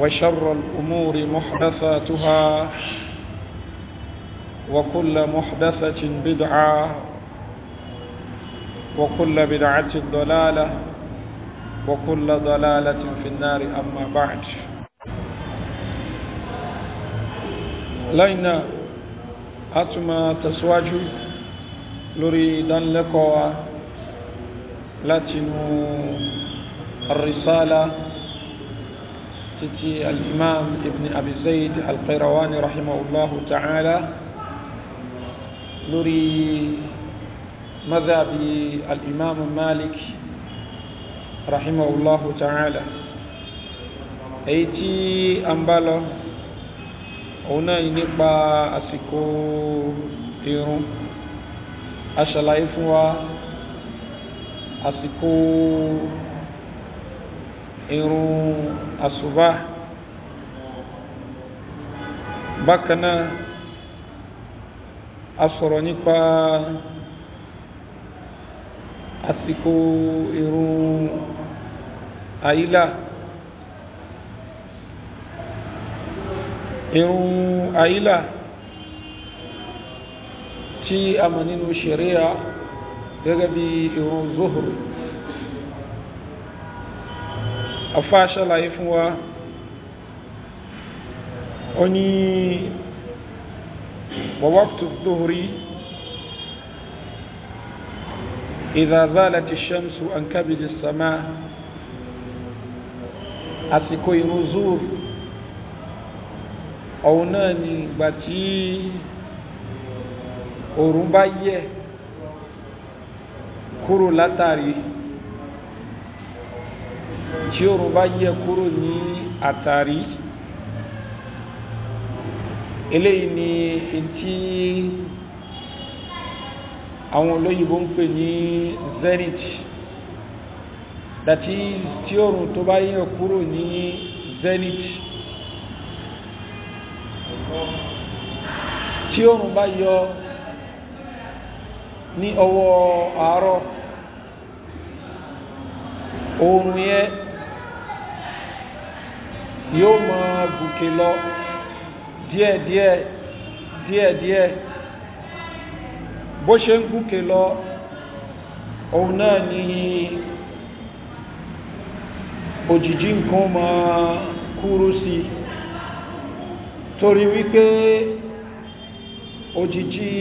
وشر الأمور محدثاتها وكل محدثة بدعة وكل بدعة ضلالة وكل ضلالة في النار أما بعد لينا أتما تسواج لريدا لكوا لاتنو الرسالة تتي الإمام ابن أبي زيد القيرواني رحمه الله تعالى نري مذهب الإمام مالك رحمه الله تعالى أيتي أمبالو هنا ينبى أسيكو إيرون أشلايفوا أسيكو irun àsùbá bákan náà a sọ̀rọ̀ nípa àsìkò irun àyílà irun àyílà tí a mọ̀ nínú ṣẹ̀ríà gẹ́gẹ́ bí irun zuhru afá ṣàlàyé fún wa ó ní wàwáktù dhuhri idha zalati shamsu an kabili sama àsìkò ìrun zuhur ọ̀hún náà ni ìgbà tí òòrùn bá yẹ̀ kúrò látàrí tí oòrùn bá yẹ kúrò ní àtàrí eléyìí ni etí àwọn olóyìnbó ń pè ní zenith that is tí oòrùn tó bá yẹ kúrò ní zenith tí oòrùn bá yọ ní ọwọ́ àárọ̀ oòrùn yẹn yóò máa gòkè lọ díẹ̀díẹ̀ díẹ̀díẹ̀ bó ṣe ń gòkè lọ òun náà ni òjìjí nǹkan máa kúrú sí torí wípé òjìjí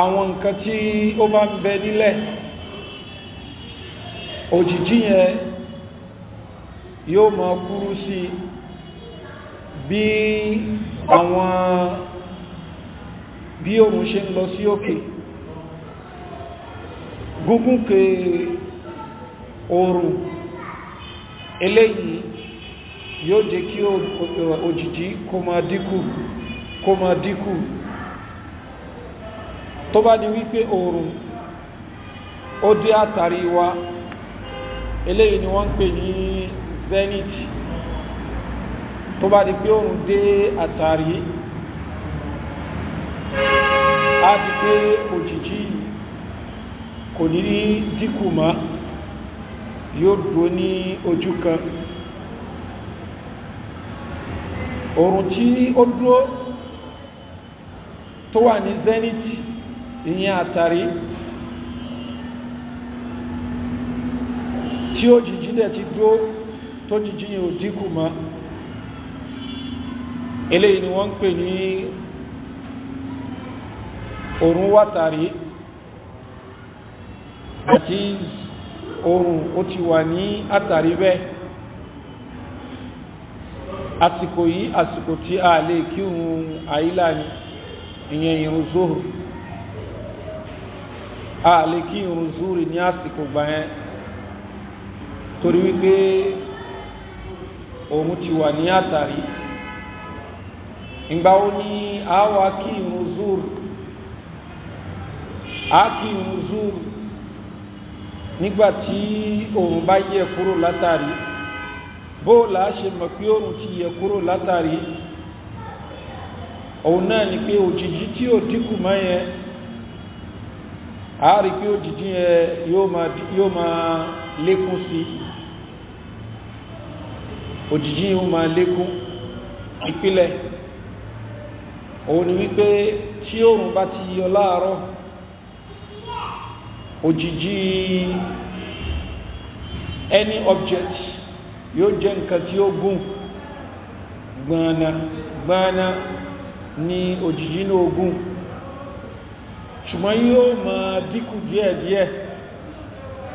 àwọn nǹkan tí ó bá ń bẹ nílẹ̀ òjìjí yẹn yóò máa kúrú sí bí àwọn bí òun ṣe ń lọ sí òkè gúngúnkè oòrùn eléyìí yóò jẹ́ kí òjìjí kó máa dínkù kó máa dínkù tó bá di wípé oòrùn wa eléyìí ni wọ́n ń pè zenith tó bá di pé òun dé àtàrí á di pé òjìjí kò ní rí díkù mọ́ yóò dúró ní ojú kan òrùn tí ó dúró tó wà ní zenith ìyẹn àtàrí tí òjìjí dẹ̀ ti dúró tó jíjí yẹn ò dínkù mọ́ eléyìí ni wọ́n ń pè ní òrùn wátàrí àti òrùn ó ti wà ní àtàrí bẹ́ẹ̀ àsìkò yìí àsìkò tí a lè kírun àyílà ni ìyẹn ìrun zóhù a lè kí ìrun zóhù ní àsìkò gbà yẹn torí wípé òun ti wà ní àtàrí ìgbà wo ni a wá kí ìrun zúr a kí ìrun zúr nígbà tí òun bá yẹ kúrò látàrí bóòlà ṣe mọ̀ pé òun ti yẹ kúrò látàrí òun náà ni pé òjìjí tí ò dínkù mọ́ yẹn a pé òjìjí yẹn yóò máa lékún sí i òjìjí yóò máa lékún ìpìlẹ̀ òun ni wípé tí oòrùn bá ti yọ láàárọ̀ òjìjí any object yóò jẹ́ nǹkan tí ó gùn gbọ́nà gbọ́nà ní òjìjí ní ogún ṣùgbọ́n yóò máa dínkù díẹ̀díẹ̀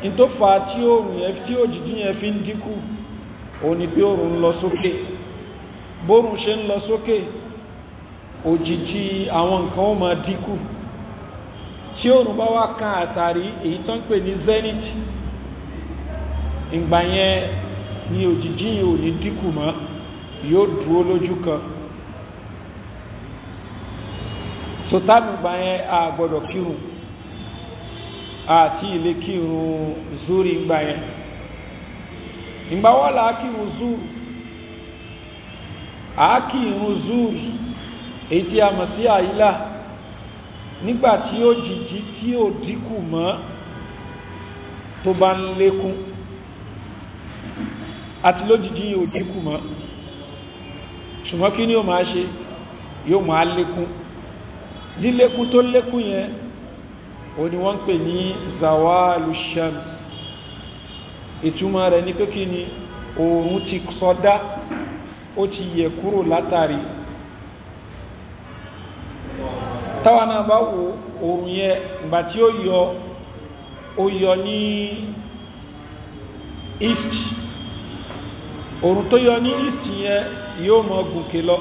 in tó fa tí òjìjí yẹn fi ń dínkù onibi ní bí oòrùn lọ sókè bóòrùn ṣe ń lọ sókè òjìjí àwọn nǹkan ó máa dínkù tí oòrùn bá wá kan àtàrí èyí tó pè ní zenith ìgbà yẹn ni òjìjí yìí ò ní dínkù mọ́ yóò dúró lójú kan sọtánù ìgbà yẹn a gbọ́dọ̀ kírun àti ilé kírun zuri ìgbà yẹn ìgbàwọ́ là á kí irun zúrù à á kí irun zúrù èyí tí a mọ̀ sí àyílà nígbà tí ó jìjì tí ó dínkù mọ́ tó bá ń lékún àti lójìjì yóò dínkù mọ́ ṣùgbọ́n kí ni ó máa ṣe yóò máa lékún lílékún tó lékún yẹn ó ní wọ́n pè ní zawalu shams ìtumọ̀ rẹ̀ ní pé kí ni oòrùn ti sọdá ó ti yẹ kúrò látàrí táwa náà bá wo oòrùn yẹn ìgbà tí ó yọ ó yọ ní east oòrùn tó yọ ní east yẹn yóò mọ gòkè lọ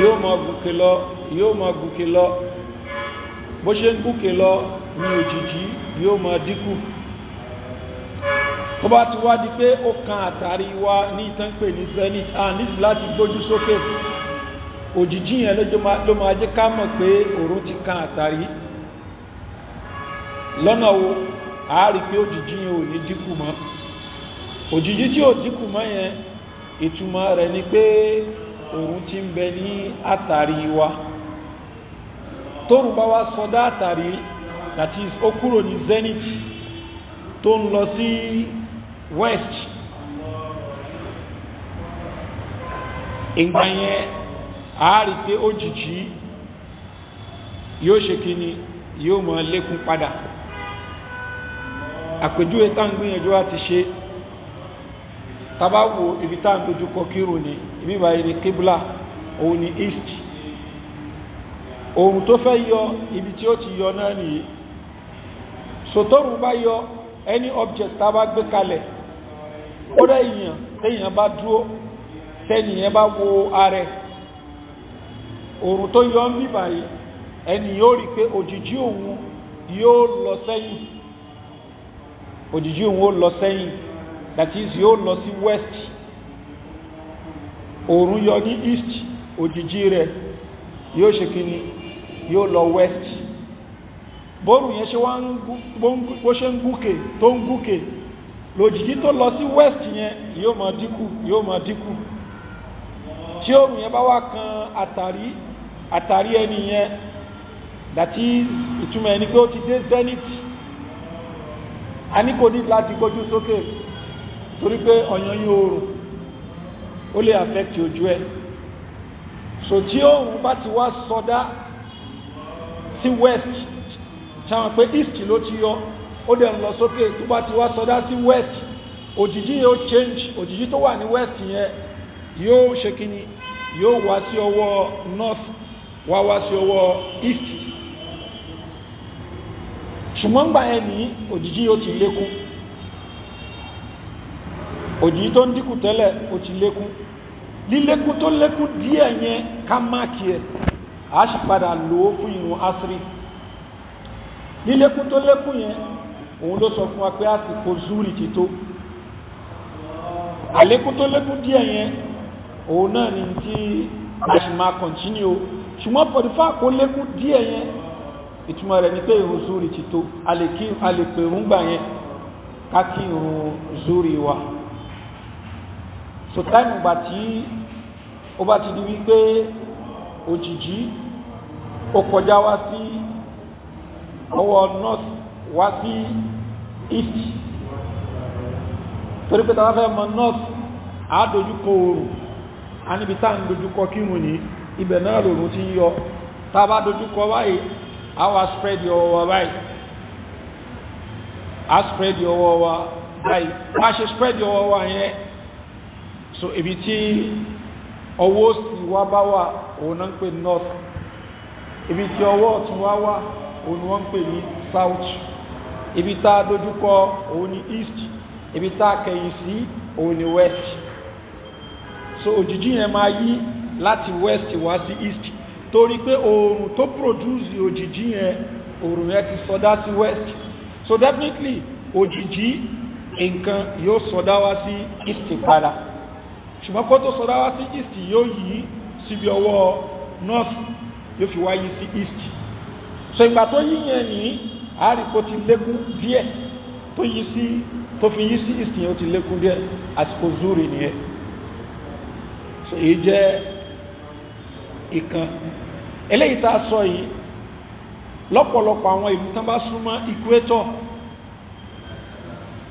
yóò mọ gòkè lọ yóò mọ gòkè lọ bó ṣe ń gòkè lọ ní òjìji yóò mọ dínkù ó bá ti wá di pé ó kan àtàrí wa ní ìtànpè ní zenith a níbi láti gbójú sókè òjìjí yẹn ló máa jẹ́ ká mọ̀ pé òòrùn ti kan àtàrí lọ́nà wo a rí pé òjìjí yẹn ò ní dínkù mọ́ òjìjí tí ò dínkù mọ́ yẹn ìtumọ̀ rẹ̀ ni pé òòrùn ti ń bẹ ní àtàrí wa tóòrùn bá wá sọdá àtàrí that is ó kúrò ní zenith tó ń lọ sí west ìgbà yẹn àárí pé òjìjì yóò ṣe kí ni yóò mọ̀ lékún padà àpèjúwe tá ń gbìyànjú àti ṣe tabawo ibi ń dojú kọ kírò ní ìmìbà ìrè kébùlà òun ni east òun tó fẹ́ yọ ibi tí ó ti yọ náà nìyí sòtọ́rù bá yọ any object tá gbé kalẹ̀ ó rẹ̀ èèyàn téèyàn bá dúró tẹ́nìyàn bá wo ààrẹ òrùn tó yọ ń bí báyìí ẹni yóò rí pé òjìjí òun yóò lọ sẹ́yìn òjìjí òun ó lọ sẹ́yìn that is yóò lọ sí west òrùn yọ ní east òjìjí rẹ̀ yóò ṣe kí ni yóò lọ west bóòrùn yẹn ṣe wá ń gúkè tó ń gúkè lòjìjì tó lọ sí west yẹn yóò mọ dínkù yóò mọ dínkù tí oòrùn yẹn bá wá kan àtàrí àtàrí ẹni yẹn dàtí ìtumọ̀ ẹni pé ó ti dé zenith a ní kò ní láti gbójú sókè torí pé ọ̀yàn yóò oòrùn ó lè affect ojú ẹ̀ so tí oòrùn bá ti wá sọdá sí west sáwọn pé east ló ti yọ ó dẹ̀ ń lọ sókè tó bá ti wá sọdá sí west òjìjí yóò change òjìjí tó wà ní west yẹn yóò ṣe kíni yóò wá sí ọwọ́ north wá wá sí ọwọ́ east ṣùgbọ́n gbà yẹn ní òjìjí yóò ti lékún òjìjí tó ń dínkù tẹ́lẹ̀ ó ti lékún lílékún tó lékún díẹ̀ yẹn a sì padà lò ó fún ìrun asiri lílékún tó lékún òun ló sọ fún wa pé àsìkò zúrì ti tó àlékún tó lékún díẹ̀ yẹn òun náà ni tí a ṣì máa kọ̀ntínú o ṣùgbọ́n pọ̀dífà kó lékún díẹ̀ yẹn ìtumọ̀ rẹ̀ ni pé ìrun zúrì ti tó a lè gbà yẹn ká kí zúrì wa so gbà tí ó bá ti di wípé òjìjí ó kọjá wá sí ọwọ́ nọ́ọ̀sì wa sí east torí pé north a oòrùn a níbi tá ń dojúkọ kírun ní ibẹ̀ náà lòrùn ti ń yọ tá dojúkọ báyìí a wá spread your ọwọ́ báyìí a spread your ọwọ́ wa báyìí bá a spread your ọwọ́ wa yẹn so ibi tí ọwọ́ sì wá bá wà òun náà north ibi tí ọwọ́ ọ̀tún wá wà òun wọ́n ń pè south ibi tá a dojúkọ òun ni east ibi tá a kẹ̀yìn sí òun ni west so òjìji yẹn máa yí láti west wá sí east torí pé oòrùn tó produce òjìji yẹn oòrùn yẹn ti sọdá sí west so definitely òjìji nǹkan yóò sọdá wá sí east padà ṣùgbọ́n kó tó sọdá wá sí east yóò yí síbi ọwọ́ north yóò fi wá yí sí east so ìgbà tó yí yẹn nìyí àríkò ti lékún díẹ̀ tó yí sí tó fi yí sí ìsìn ó ti lékún díẹ̀ àsìkò zúrì nìyẹn so èyí jẹ́ ìkan eléyìí tá a sọ yìí lọ́pọ̀lọpọ̀ àwọn ìlú tán bá súnmọ́ equator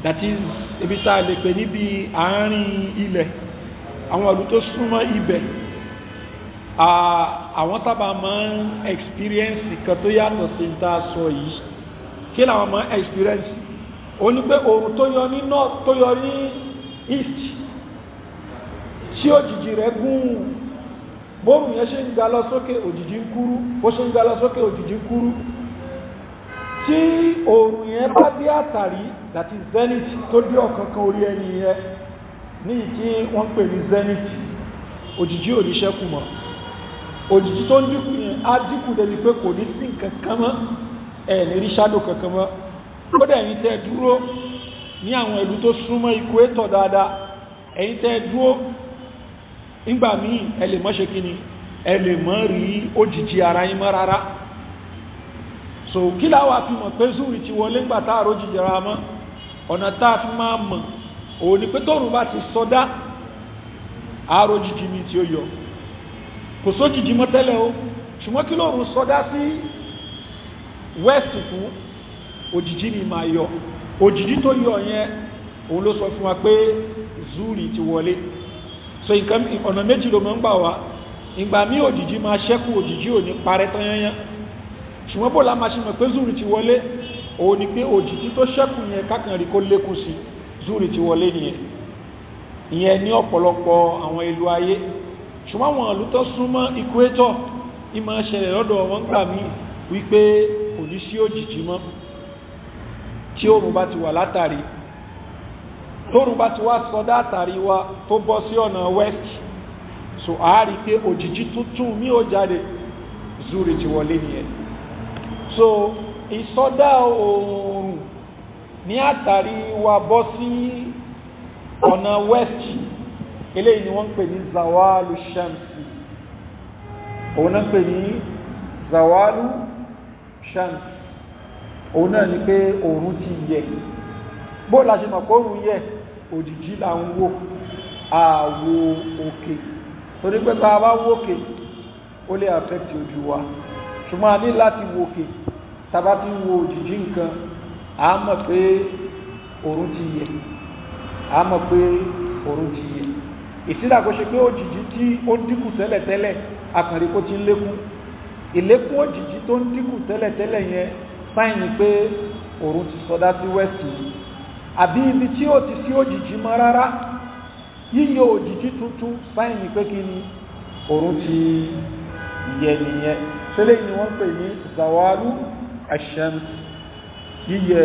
that is ibi tá a lè pè níbi àárín ilẹ̀ àwọn ìlú tó súnmọ́ ibẹ̀ àwọn tábà máa ń experience kan tó yàtọ̀ sí tá a sọ yìí kí làwọn máa experience ó ní pé oòrùn tó yọ ní north tó yọ ní east tí òjìjì rẹ̀ gùn bóòrùn yẹn ṣe ń ga lọ sókè òjìjì ń kúrú bó ṣe ń ga lọ sókè òjìjì ń kúrú tí oòrùn yẹn bá dé àtàrí that is zenith tó dé ọ̀kankan orí ẹni yẹn ní ìtí wọ́n ń pè ní zenith òjìjì ò ní ṣẹ́kù mọ́ òjìjì tó ń dínkù yẹn á dínkù débi pé kò ní sí nǹkan kan mọ́ ẹ̀ lè rí ṣádò kankan mọ́ ó dẹ̀ ẹ̀yin tẹ́ dúró ní àwọn ìlú tó súnmọ́ equator dáadáa ẹ̀yin tẹ́ dúró nígbà míì ẹ mọ́ ṣe kí ni mọ́ rí òjìji ara yín mọ́ rárá so kí láwà fi mọ̀ pé zúrì ti wọlé ńgbà tá àrò òjìji ara mọ́ ọ̀nà tá a fi máa mọ̀ òun ni pé tóòrùn bá ti sọdá àrò òjìji mi tí ó yọ kò sójìji mọ́ tẹ́lẹ̀ o ṣùgbọ́n kí lóòrùn sọdá sí west kú òjìjí ni máa yọ òjìjí tó yọ yẹn òun ló sọ fún wa pé zuri ti wọlé so nǹkan ọ̀nà méjì ló máa ń gbà wá ìgbà mí òjìjí máa ṣẹ́kù òjìjí ò ní parẹ́ tán ṣùgbọ́n bó la máa ṣe mọ̀ pé zuri ti wọlé òun ni pé òjìjí tó ṣẹ́kù yẹn kákan rí kó lékún sí zuri ti wọlé nìyẹn ìyẹn ní ọ̀pọ̀lọpọ̀ àwọn ìlú ayé ṣùgbọ́n àwọn ìlú súnmọ́ equator ìmọ̀ ṣẹlẹ̀ lọ́dọ̀ wọn gbà mí wípé kò ní sí òjìjì mọ́ tí oòrùn bá ti wà látàrí tóòrùn bá ti wá sọdá àtàrí wa tó bọ́ sí ọ̀nà west so a rí pé òjìjì tuntun mi ò jáde zuri ti wọlé nìyẹn so ìsọdá oòrùn ní àtàrí wa bọ́ sí ọ̀nà west eléyìí ni wọ́n ń pè ní zawalu shamsi òun náà ń pè ní zawalu shamsi shams òun náà ni pé òòrùn ti yẹ bó la ṣe mọ̀ pé òòrùn yẹ òjìjí là ń wò àwo òkè torí pé bá a bá wòkè ó lè affect ojú wa ṣùgbọ́n a ní láti wòkè tàbá ti wo òjìjí nǹkan a mọ̀ pé òòrùn ti yẹ a mọ̀ pé òòrùn ti yẹ ìsídà kó pé òjìjí tí ó dínkù tẹ́lẹ̀tẹ́lẹ̀ akànrí kó ti ń lékún ìlékún ojiji tó ń dínkù tẹ́lẹ̀tẹ́lẹ̀ yẹn sáìnì pé òòrùn ti sọdá sí west yìí àbí ibi tí ó ti sí òjìjí mọ́ rárá yíyọ òjìjí tuntun sáìnì pé kí ni òòrùn ti yẹ nìyẹn tẹ́lẹ̀ ni wọ́n pè ní zawalu ashem yíyẹ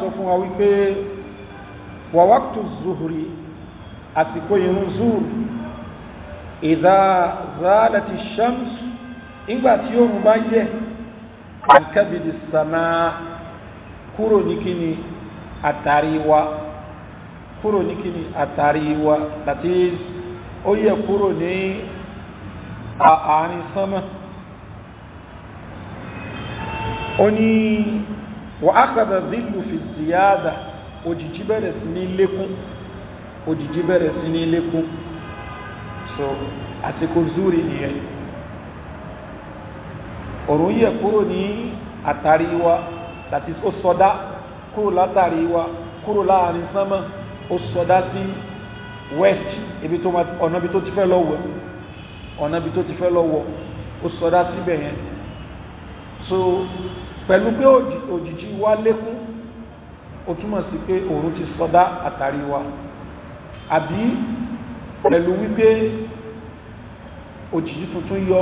sọ fún wa wípé wàwákùtù zuhuri àsìkò ìdá zálàtì shams nígbà tí ó mú bá yẹ àǹkábìdì sàmà kúrò ní kíni àtàrí wa kúrò ní kíni àtàrí wa that is ó yẹ kúrò ní àárín sánmà ó ní wà ákàdà zílù fi ziyada òjìjí bẹ̀rẹ̀ sí ní lékún òjìjí bẹ̀rẹ̀ sí ní lékún so àsìkò ni, nìyẹn òrùn yẹ kúrò ní àtàrí wa láti ó sọdá kúrò látàrí wa kúrò láàrin sánmà ó sọdá sí west ibi tó ọ̀nà ibi tó ti fẹ́ lọ ọ̀nà ibi tó ti fẹ́ lọ wọ̀ sọdá síbẹ̀ yẹn so pẹ̀lú pé òjìji wa lékún ó túmọ̀ sí pé òrùn ti sọdá àtàrí wa àbí pẹ̀lú wípé òjìjí tuntun yọ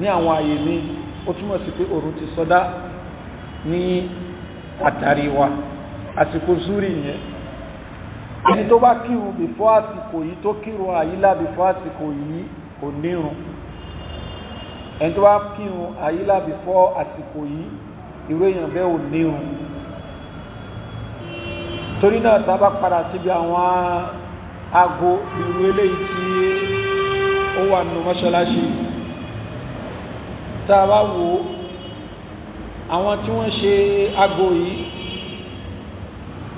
ní àwọn àyè mi ó túmọ̀ sí pé òru ti sọdá ní àtàrí wa àsìkò zúrì yẹn ẹni tó bá kírun bìfọ́ àsìkò yìí tó kírun àyílá bìfọ́ àsìkò yìí kò nírun ẹni tó bá kírun àyílá bìfọ́ àsìkò yìí ìró èèyàn bẹ́ẹ̀ ò nírun torí náà tá a bá padà síbi àwọn aago irú eléyìí tí ó wà nínú mọ́ṣáláṣí tá a bá wò ó àwọn tí wọ́n ṣe aago yìí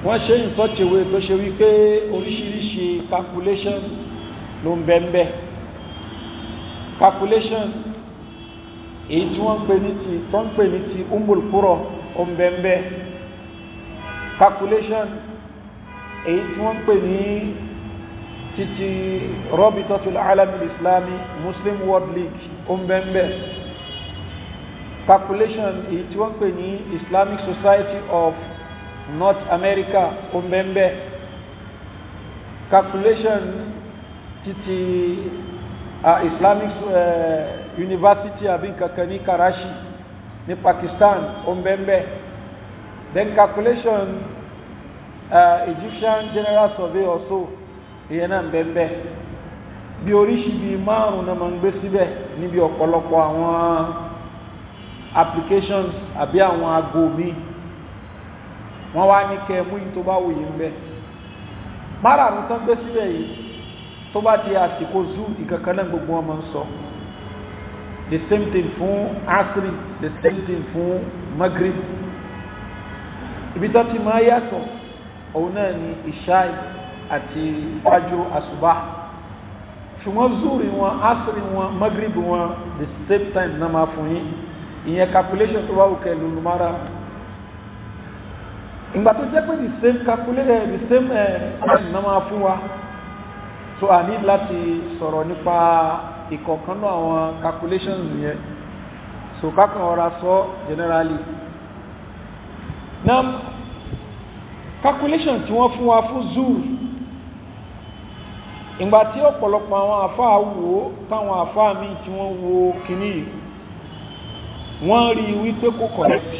wọ́n ṣe ìtọ́tìwé tó ṣe wípé oríṣiríṣi calculation ló ń bẹ ń bẹ calculation èyí tí wọ́n pè ní ti tó ń pè ní ti umbulkuro ó ń bẹ ń bẹ calculation èyí tí wọ́n pè ní títí Rabitatul Alamil Islami Muslim World League Ombembe. calculation èyí tí wọ́n pè ní Islamic Society of North America Ombembe. calculation títí uh, Islamic uh, University àbí kankan Karachi ní Pakistan Ombembe. then calculation uh, Egyptian General Survey also ìyẹn náà ń bẹ bẹ bí oríṣi bíi márùn náà máa ń gbé síbẹ̀ níbi ọ̀pọ̀lọpọ̀ àwọn applications àbí àwọn aago mi wọ́n wá ní kẹ́ mú yìí tó bá wù yín bẹ márùn tán gbé síbẹ̀ yìí tó bá ti àsìkò zoo ìkankan náà gbogbo wọn máa ń sọ the same thing fún asri the same thing fún magrib ibi tó ti máa yàtọ̀ òun náà ni ìṣáì àti fájú àṣùbá ṣùgbọ́n zúrì wọn asiri wọn magrib wọn the same time náà máa fún yín ìyẹn calculation tó wá òkè lùlùmọ́ra ìgbà tó jẹ́ pé the same calculation eh, the same eh, time náà máa fún wa so a ní láti sọ̀rọ̀ nípa ìkọ̀ọ̀kan náà àwọn calculations yẹn so kákan ọ̀rá sọ generally now calculation tí wọ́n fún wa fún zúrì ìgbà tí ọ̀pọ̀lọpọ̀ àwọn àfáà wo táwọn àfáà míì tí wọ́n wo kìíní yìí wọ́n rí wípé kò correct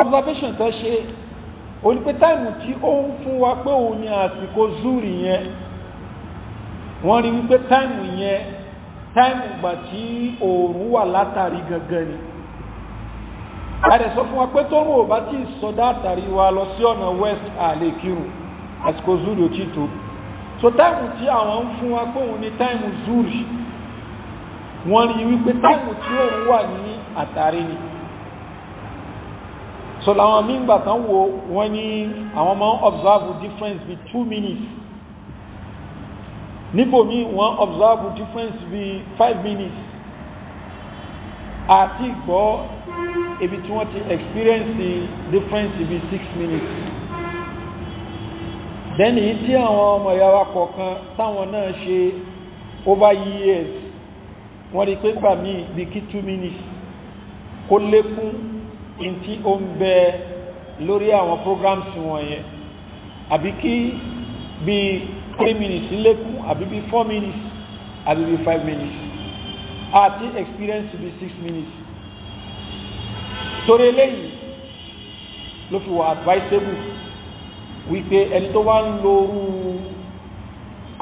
observation tó ṣe ó táìmù tí ó ń fún wa pé òun ni àsìkò zuri yẹn wọ́n rí wípé táìmù yẹn táìmù ìgbà tí òòrùn wà látàrí gangan ni àrẹ sọ fún wa pé tó ń wò bá tí sọdá àtàrí wa lọ sí ọ̀nà west àlè kírun àsìkò zuri ò tí tó so táìmù tí àwọn ń fún wa pé òun ni táìmù zuri wọ́n rí wípé táìmù tí òun wà ní àtàrí ni so làwọn mígbà tán wo wọ́n ní àwọn máa ń observe difference bí two minutes níbòmí wọ́n observe difference bí five minutes àti gbọ́ ibi tí wọ́n ti experience the difference be six minutes then èyí tí àwọn ọmọ ìyáwá kọ̀ọ̀kan táwọn náà ṣe over years wọ́n rí pé gbà mí bí kí 2 minutes kó lékún in tí ó ń bẹ lórí àwọn programs wọ̀nyẹn àbí kí bí 3 minutes lékún àbí bí 4 minutes àbí bí 5 minutes àti experience be six minutes torí eléyìí ló fi wà advisable wípé ẹni tó wá ń lorú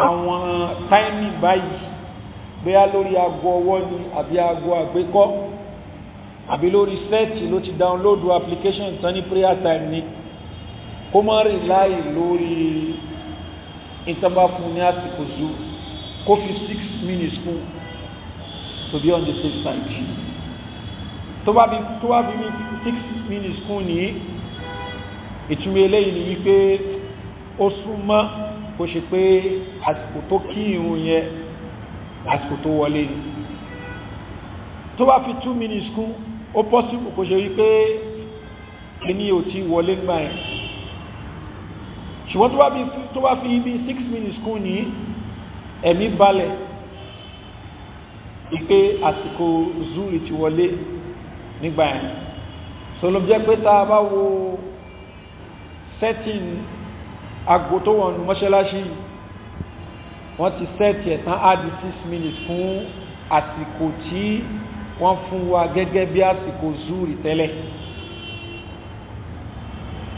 àwọn táìmì báyìí bóyá lórí aago ọwọ́ ni àbí aago àgbékọ́ àbí lórí sẹ́ẹ̀tì ló ti dáwọ́nlódù application tán ní prayer time ni kó má rí láì lórí ìtàbá fún ní àsìkò zu kó fi six minutes kún to be on the safe side tó bi bí bi bá six minutes kún ní ìtumọ̀ eléyìí ni wípé ó súnmọ́ kó ṣe pé àsìkò tó kí ìrun yẹn àsìkò tó wọlé ni tó fi two minutes kún ó possible kó ṣe wípé ẹni ò ti wọlé gbà ẹ̀ ṣùgbọ́n tó bá fi ibi six minutes kún ní ẹ̀mí balẹ̀ ìpé àsìkò zuri ti wọlé nígbà yẹn sọlọ jẹ́ pé tá a bá wo setting aago tó wọ̀n mọ́ṣáláṣí wọ́n ti sẹ́ẹ̀tì ẹ̀ tán áàdì six minutes fún àsìkò tí wọ́n fún wa gẹ́gẹ́ bí àsìkò zuri tẹ́lẹ̀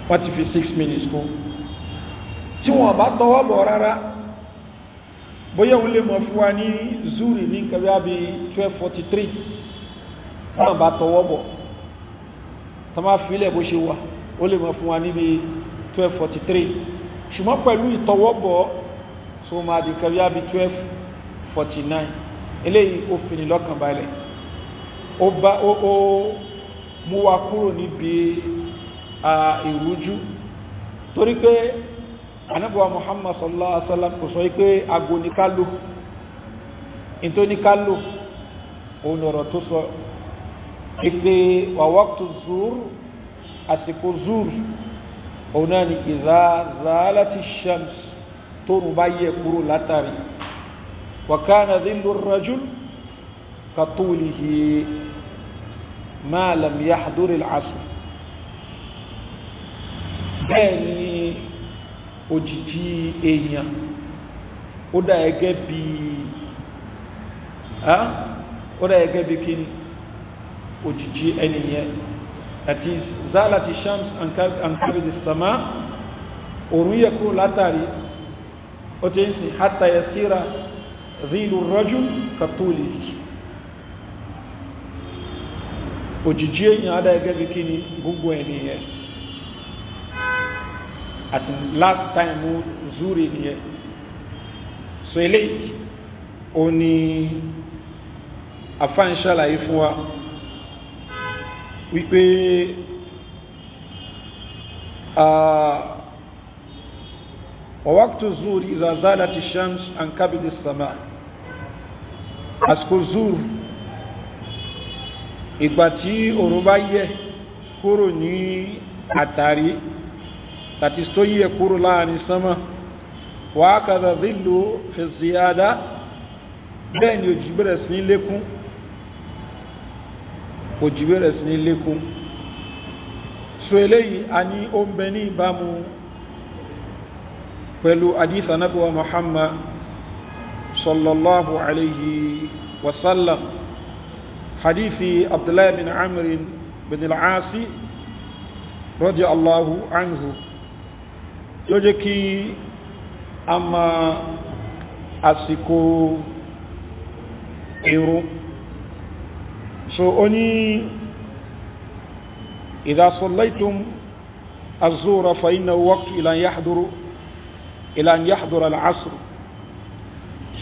wọ́n ti fi six minutes kún tí wọ́n bá tọwọ́ bọ̀ rárá bóyá òun lè mọ̀ fún wa ní zuri ní nǹkan twelve forty three táwọn bá tọwọ́ bọ̀ táwọn afilẹ̀ bó ṣe wà ó lè mọ̀ fún wa níbi 1243 ṣùgbọ́n pẹ̀lú ìtọwọ́ bọ̀ so máa di kẹrí àbí 1249 eléyìí ó fi ní lọ́kàn balẹ̀ ó bá ó ó mú wa kúrò níbi ìrújú torí pé anábọ̀wá Muhammad sallallahu alaihi wasallam kò sọ pé ago ní ká lò ní ká lò òun ọ̀rọ̀ tó sọ ìpè wàwọ́kùtù zúr àsìkò zúr òun náà ni ìzá zàálà ti shams tóun bá yẹ kúrò látàrí wàkánà dhillu rajul kàtóòlìhì máa lam yahduri al-asr bẹ́ẹ̀ ni èèyàn ó dà gẹ́gẹ́ bí ó dà gẹ́gẹ́ bí kí ni òjìjí ẹni yẹn that is zala ti shams ankari di sama òrùn yẹ kúrò látàrí ó ti ń sìn hátà yẹ síra zilu rọ́jú katoli òjìjí èyàn adá bí kí ni gbogbo ẹni yẹn at last time zuri nìyẹn so eléyìí ó ní afáǹṣàlàyé fún wa wípé wàwákùtù zúrì ìzàzálà ti shams an kábìlì sàmà àsìkò zúrù ìgbà tí òòrùn bá yẹ kúrò ní àtàrí tàti tó yẹ kúrò láàrin sánmà wàákàdà zílù fi ziyada bẹ́ẹ̀ ni òjì bẹ̀rẹ̀ sí lékún òjì bẹ̀rẹ̀ sí ní lékún so eléyìí a ní ó ń bẹ ní ìbámu pẹ̀lú hadith Ànábì wa Muhammad sallallahu alayhi wa sallam hadithi abdullahi bin amrin bin al-asi radiyallahu anhu yóò jẹ́ kí a ma àsìkò irun so ó ní idha sallaytum az-zuhra fa innahu waqtu ila an yahduru ila an yahdura al-asr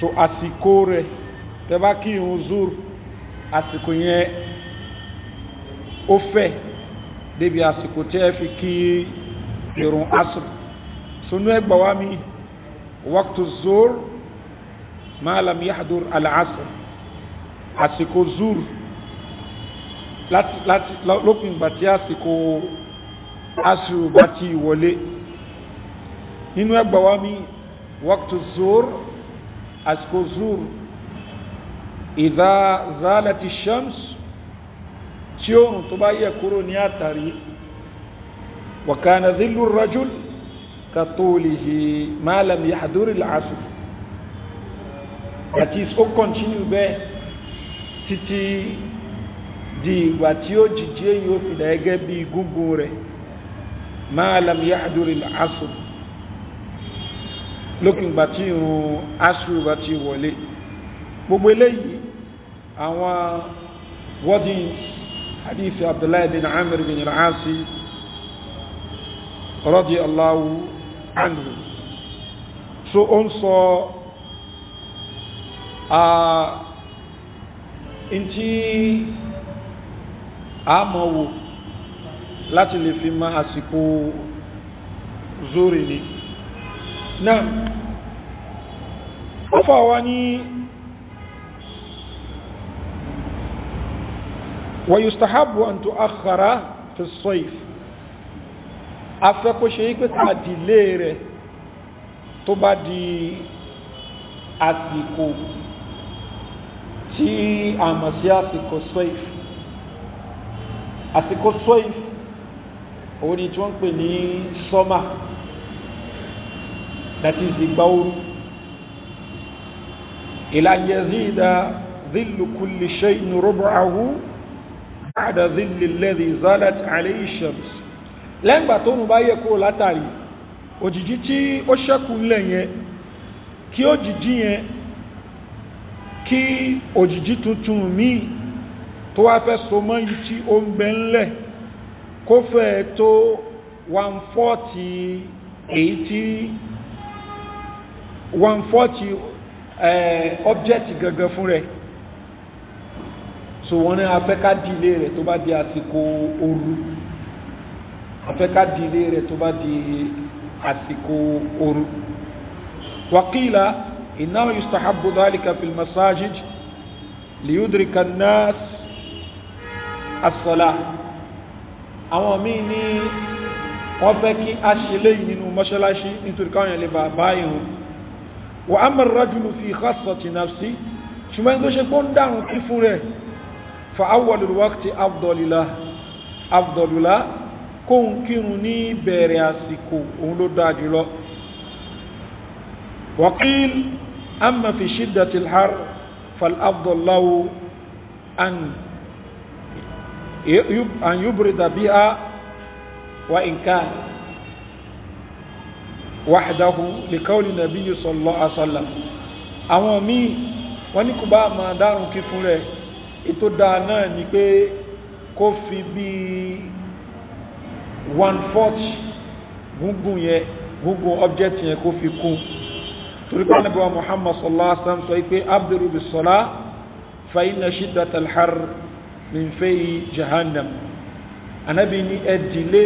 so àsìkò rẹ̀ tẹ́ bá kí ìrun zuhr àsìkò yẹn ó fẹ́ débi àsìkò tí ẹ fi kí ìrun asr sunu ẹgbà wa mi waqtu zuhr ma lam yahdur al àsìkò zuhr láti láti lópin ìgbà tí àsìkò asùrù bá ti wọlé nínú ẹgbà wa mi waqtu zuur àsìkò zuur idha zalati shams tí oòrùn tó bá yẹ kúrò ní àtàrí wa kana dhillu rajul ka tulihi ma lam yahdur al-asr is ó continue bẹ́ẹ̀ títí di ìgbà tí ó jìjì èyí ó fìdá gẹ́gẹ́ bí gúngun rẹ̀ máa lam yahduril asr lókùn ìgbà tí ìrun asr bá ti wọlé gbogbo eléyìí àwọn wordings hadith abdullahi bin amir bin al-asi radiyallahu anhu so ó ń sọ ntí ah, àmọ́ wo láti lè fi ma àsìkò zórí ni náà ó fà wá ní wàyùstàhábù an tu'akhkhara fi as-sayf afẹ́ kó ṣe rẹ̀ tó bá di àsìkò tí a mọ̀ sí àsìkò sayf àsìkò soif òun ni tí wọ́n ń pè ní sọ́mà that is ìgbà ooru ìlàjẹ̀ zíìdá zílù kulli shay'in rub'ahu ba'da zílì lẹ́dí zalat alayhi shams lẹ́ngbà tó nù bá yẹ kó látàrí òjìjí tí ó ṣẹ́kù lẹ̀ yẹn kí òjìjí yẹn kí òjìjí tuntun míì tó wá fẹ́ so mọ́ yìí tí ó ń bẹ ńlẹ̀ kó fẹ́ tó one forty èyí tí one forty object gangan fún rẹ̀ so wọ́n ní afẹ́ ká di ilé rẹ̀ tó bá di àsìkò ooru afẹ́ di ilé rẹ̀ tó bá di àsìkò ooru wàkìlá innama yustahabbu dhalika fil masajid liyudrika an asọ́lá àwọn míì ní wọ́n fẹ́ kí a ṣe léyìn nínú mọ́ṣáláṣí nítorí káwọn yẹn lè bá báyìí hùn wọ́n á mọ̀rọ̀ rájùlù fi khassati nafsi ṣùgbọ́n tó ṣe pọ́ ń dáhùn kí fún rẹ̀ fa awwalul waqti kóhun kírun ní bẹ̀rẹ̀ àsìkò òun ló dáa jùlọ wa qil amma fi shiddatil fal afdalu an yubrida biha wa in kan wahdahu li qawli nabiyyi sallallahu alaihi wasallam àwọn míì wọ́n ní kò bá máa dárùn kí fún rẹ̀ ètò dáa náà ni pé kó fi bí one fourth gungun yẹn gungun object yẹn kó fi kún torí pé Ànábì Muhammad sallallahu alaihi wasallam sọ pé abdiru bis salah fa inna shiddatal har min fẹ́yì jahannam anabi ni ẹ dìlé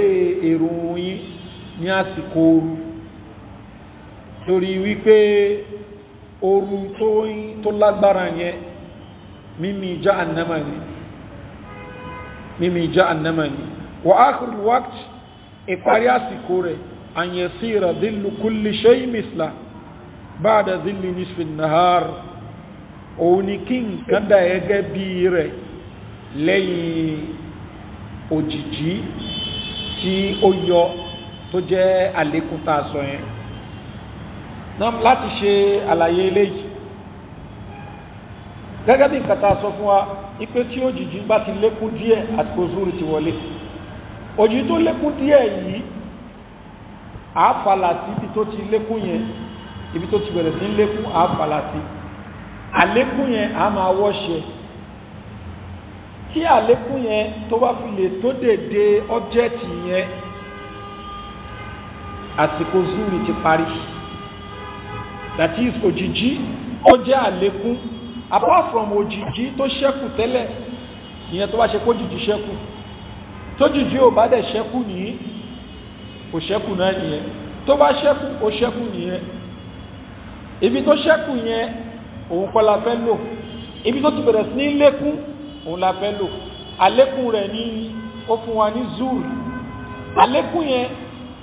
èrò yín ní àsìkò ooru lórí wípé ooru tó lágbára yẹn mímí jahannama ni mímí jahannama ni wa akhirul waqt ìparí àsìkò rẹ̀ an yasira dhillu kulli shay misla ba'da dhilli òun ni kí nǹkan dà gẹ́gẹ́ bí rẹ̀ lẹ́yìn òjìjí tí ó yọ tó jẹ́ àlékún tá a sọ yẹn náà láti ṣe àlàyé eléyìí gẹ́gẹ́ bí nǹkan tá a sọ fún wa ipe tí òjìjí bá ti lékún díẹ̀ àsìkò zúrù ti wọlé òjì tó lékún díẹ̀ yìí àáfàlà sí ibi tó ti lékún yẹn ibi tó ti bẹ̀rẹ̀ sí lékún àáfàlà sí àlékún yẹn àá máa wọ́ṣẹ́ tí àlékún yẹn tó bá fi lè tó dédé ọ́bjẹ́tì yẹn àsìkò zuri ti parí that is òjìjí ó jẹ́ àlékún apart from òjìjí tó ṣẹ́kù tẹ́lẹ̀ ìyẹn tó bá ṣe kó jìjí ṣẹ́kù tó jìjí ò bá dẹ̀ ṣẹ́kù nìyí kò ṣẹ́kù náà nìyẹn tó bá ṣẹ́kù ó ṣẹ́kù nìyẹn ibi tó ṣẹ́kù yẹn òun kọ́ la fẹ́ lò ibi tó ti bẹ̀rẹ̀ sí ní lékún òun la fẹ́ lò àlékún rẹ̀ ní ó fún wa ní zuru àlékún yẹn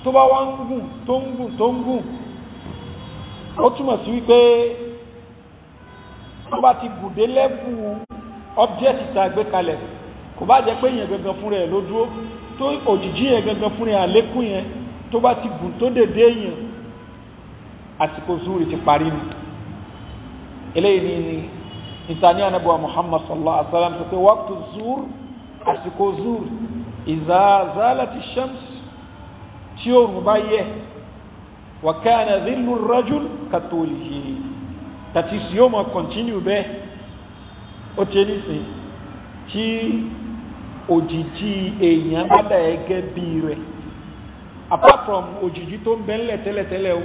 tó bá wá ń gùn tó ń gùn tó ń gùn ó túmọ̀ sí wípé tó bá ti gùn dé lẹ́bù ọ́bjẹ́tì tá a gbé kalẹ̀ kò bá jẹ́ pé yẹn gangan fún rẹ̀ ló dúró tó òjìjí yẹn gangan fún rẹ̀ àlékún yẹn tó bá ti gùn tó dédé yẹn àsìkò zuru ti parí ni eléyìí ni nìtàníà nàbí wa muhammad sallallahu alaihi wa sallam sọ pé waqtu zuur àsìkò zuur idha zalati shams tí òòrùn bá yẹ wa kana dhillu rajul katolihi tàti sí yóò mọ̀ kọ̀ntínú bẹ́ẹ̀ ti ní sìn tí òjìji èèyàn apart from òjìji tó ń bẹ́ńlẹ̀ tẹ́lẹ̀tẹ́lẹ̀ o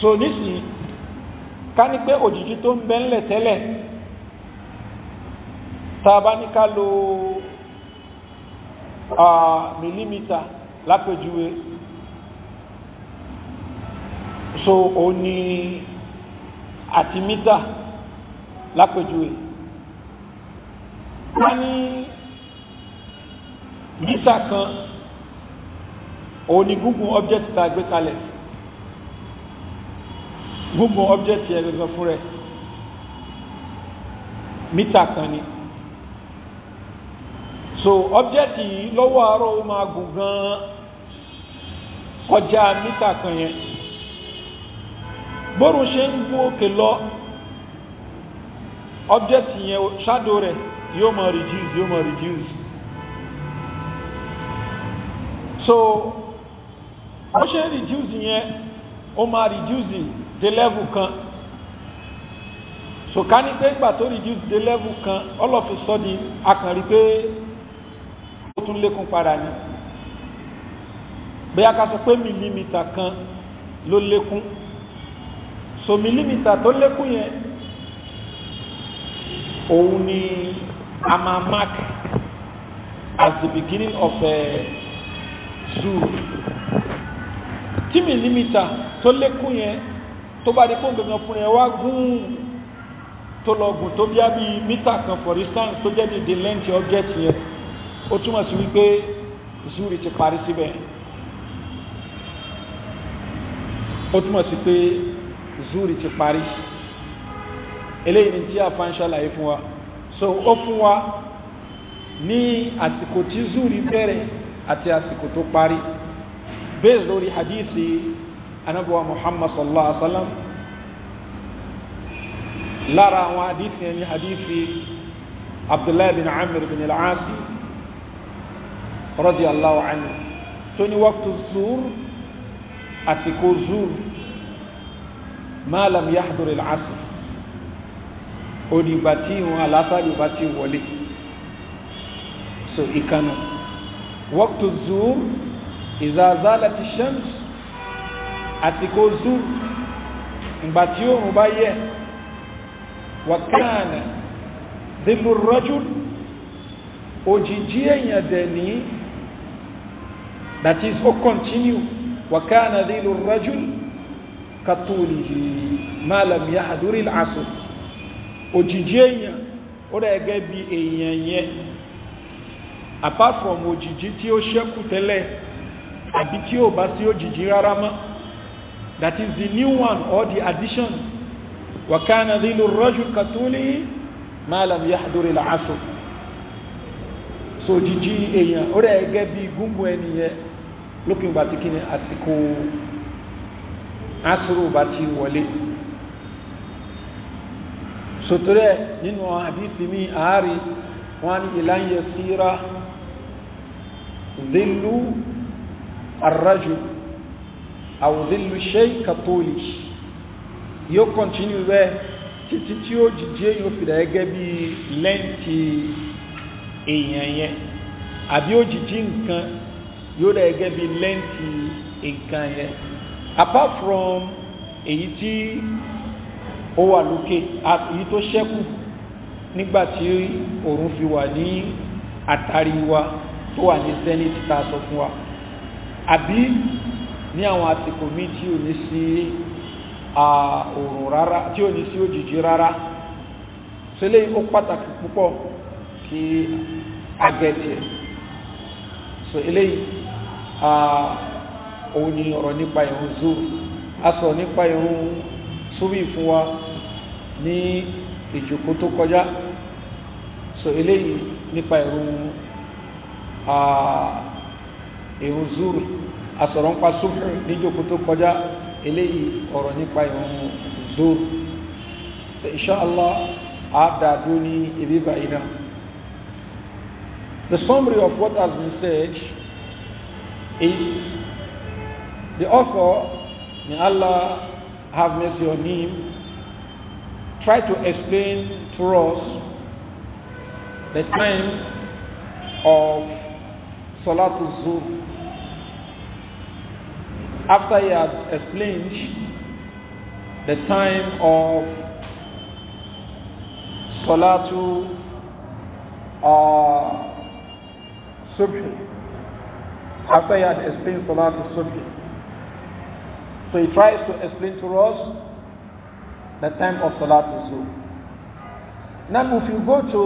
so nísìnyí ká ní pé òjìji tó ń bẹ ńlẹ̀ tẹ́lẹ̀ tá bá ní ká lo mìlímítà lápèjúwe so ó ní àti mítà lápèjúwe ká ní mítà kan ó ní gúngùn object tá gbé kalẹ̀ sí gbogbo object yẹ gẹ́gẹ́ fún rẹ̀ mítà kan ni so object yìí lọ́wọ́ àárọ̀ ó máa gùn gan-an kọjá mítà kan yẹn bóòrùn ṣe ń gún òkè lọ object yẹn shadow rẹ̀ yóò máa reduce yóò máa reduce so ó ṣe ń reduce yẹn ó máa reduce yìí dé level kan sòká ní pé ìgbà tó reduce dé level kan ọlọ́fi sọ di akànrí pé ó tún lékún padà ní bóyá ká sọ pé mìlímítà kan ló lékún so mìlímítà tó lékún yẹn òun ni a máa mark as the beginning of a zoo tí mìlímítà tó lékún yẹn tó bá di pé gbẹ̀ngàn fún ẹ wá gún tó lọ gùn tó bíá bíi mítà kan for instance tó jẹ́ dìde lẹ́ǹtì ọ́bjẹ́tì yẹn ó túmọ̀ sí wípé zuri ti parí síbẹ̀ ó túmọ̀ sí pé zuri ti parí eléyìí ni tí a fa ń ṣàlàyé fún wa so ó fún wa ní àsìkò tí zuri bẹ̀rẹ̀ àti àsìkò tó parí based lórí hadithi anabuwa muhammad sallallahu alaihi wasallam lára àwọn hadithi ẹni hadithi abdullahi bin amir bin al-asi radiyallahu anhu tó ní waqtu zuur àsìkò zuur ma lam yahdur al-asr òdìgbà tí wọn alásàlù bá wọlé so ìkànnì waqtu zuur idha zalat ash-shams àsìkò zu ìgbà tí òun bá yẹ wàkánà dìlù rọ́jú òjìjí èèyàn dẹ̀ ní that is ó continue wàkánà dìlù rọ́jú katuli malam yahaduri al'asr òjìjí èèyàn ó rẹ̀ gẹ́ bí èèyàn yẹn apart from òjìjí tí ó ṣẹ́kù tẹ́lẹ̀ àbí tí ó bá sí òjìjí rárá mọ́ That is the new one or the addition. وَكَانَ ذِلُ الرَّجُلْ كَتُولِهِ مَا لَمْ يَحْدُرِ الْعَصْرِ so jíjí èèyàn ó rẹ̀ gẹ́gẹ́ bí gúngun ẹni yẹn lópin ìgbà tí kí ni àsìkò asúrò bá ti wọlé sòtúrẹ́ nínú àdísì mi ààrí wọn ni ìlànyẹ síra zílù arrajul àwòdìlú sheik katoli yóò kọ́ntínú bẹ́ẹ̀ títí tí ó jìjì èyàn fi dà gẹ́gẹ́ bí lẹ́ǹtì èèyàn yẹn àbí ó jìjì nǹkan yóò dà gẹ́gẹ́ bí lẹ́ǹtì nǹkan yẹn apart from èyí tí ó wà lókè èyí tó ṣẹ́kù nígbà tí òòrùn fi wà ní àtàrí wa tó wà ní zenith tá a sọ wa àbí ní àwọn àsìkò míì tí ò ní sí òòrùn rárá tí ò ní sí òjìji rárá sílẹ̀ ó pàtàkì púpọ̀ kí agbẹ̀tì ẹ̀ so eléyìí òun ni ọ̀rọ̀ nípa ìrun zoo a sọ nípa ìrun súbì fún wa ní ìjòkó tó kọjá so eléyìí nípa ìrun ìrun zoo asọ̀rọ̀ ń pa súnfù níjòkó tó kọjá eléyìí ọ̀rọ̀ nípa ìrun zoro so inṣáàlá ní ibi báyìí náà the summary of what has been said is the author may Allah have mercy on him try to explain to us the time of Salatul Zuhr after he had explained the time of Salatu uh, Subh, after he had explained Salatu Subh, so he tries to explain to us the time of Salatul Zuhr. Now, if you go to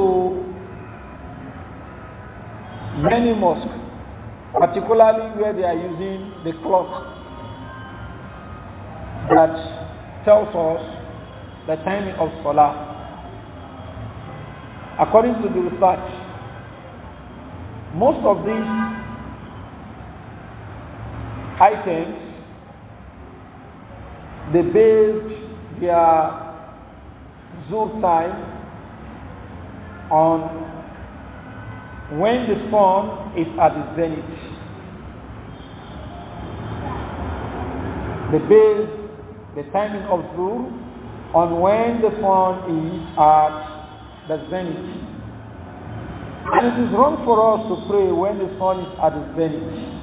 many mosques, particularly where they are using the clock that tells us the timing of Salah. According to the research, most of these items they based their Zuhr time on when the sun is at the zenith. They based the timing of Zuhr on when the sun is at the zenith. And it is wrong for us to pray when the sun is at the zenith.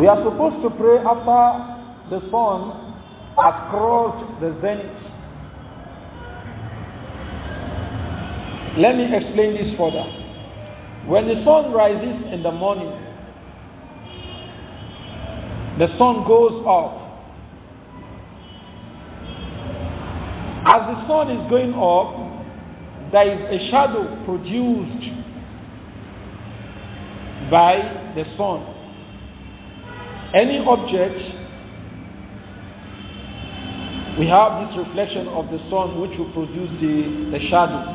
We are supposed to pray after the sun has crossed the zenith. Let me explain this further. When the sun rises in the morning, the sun goes up. As the sun is going up, there is a shadow produced by the sun. Any object we have this reflection of the sun which will produce the, the shadow.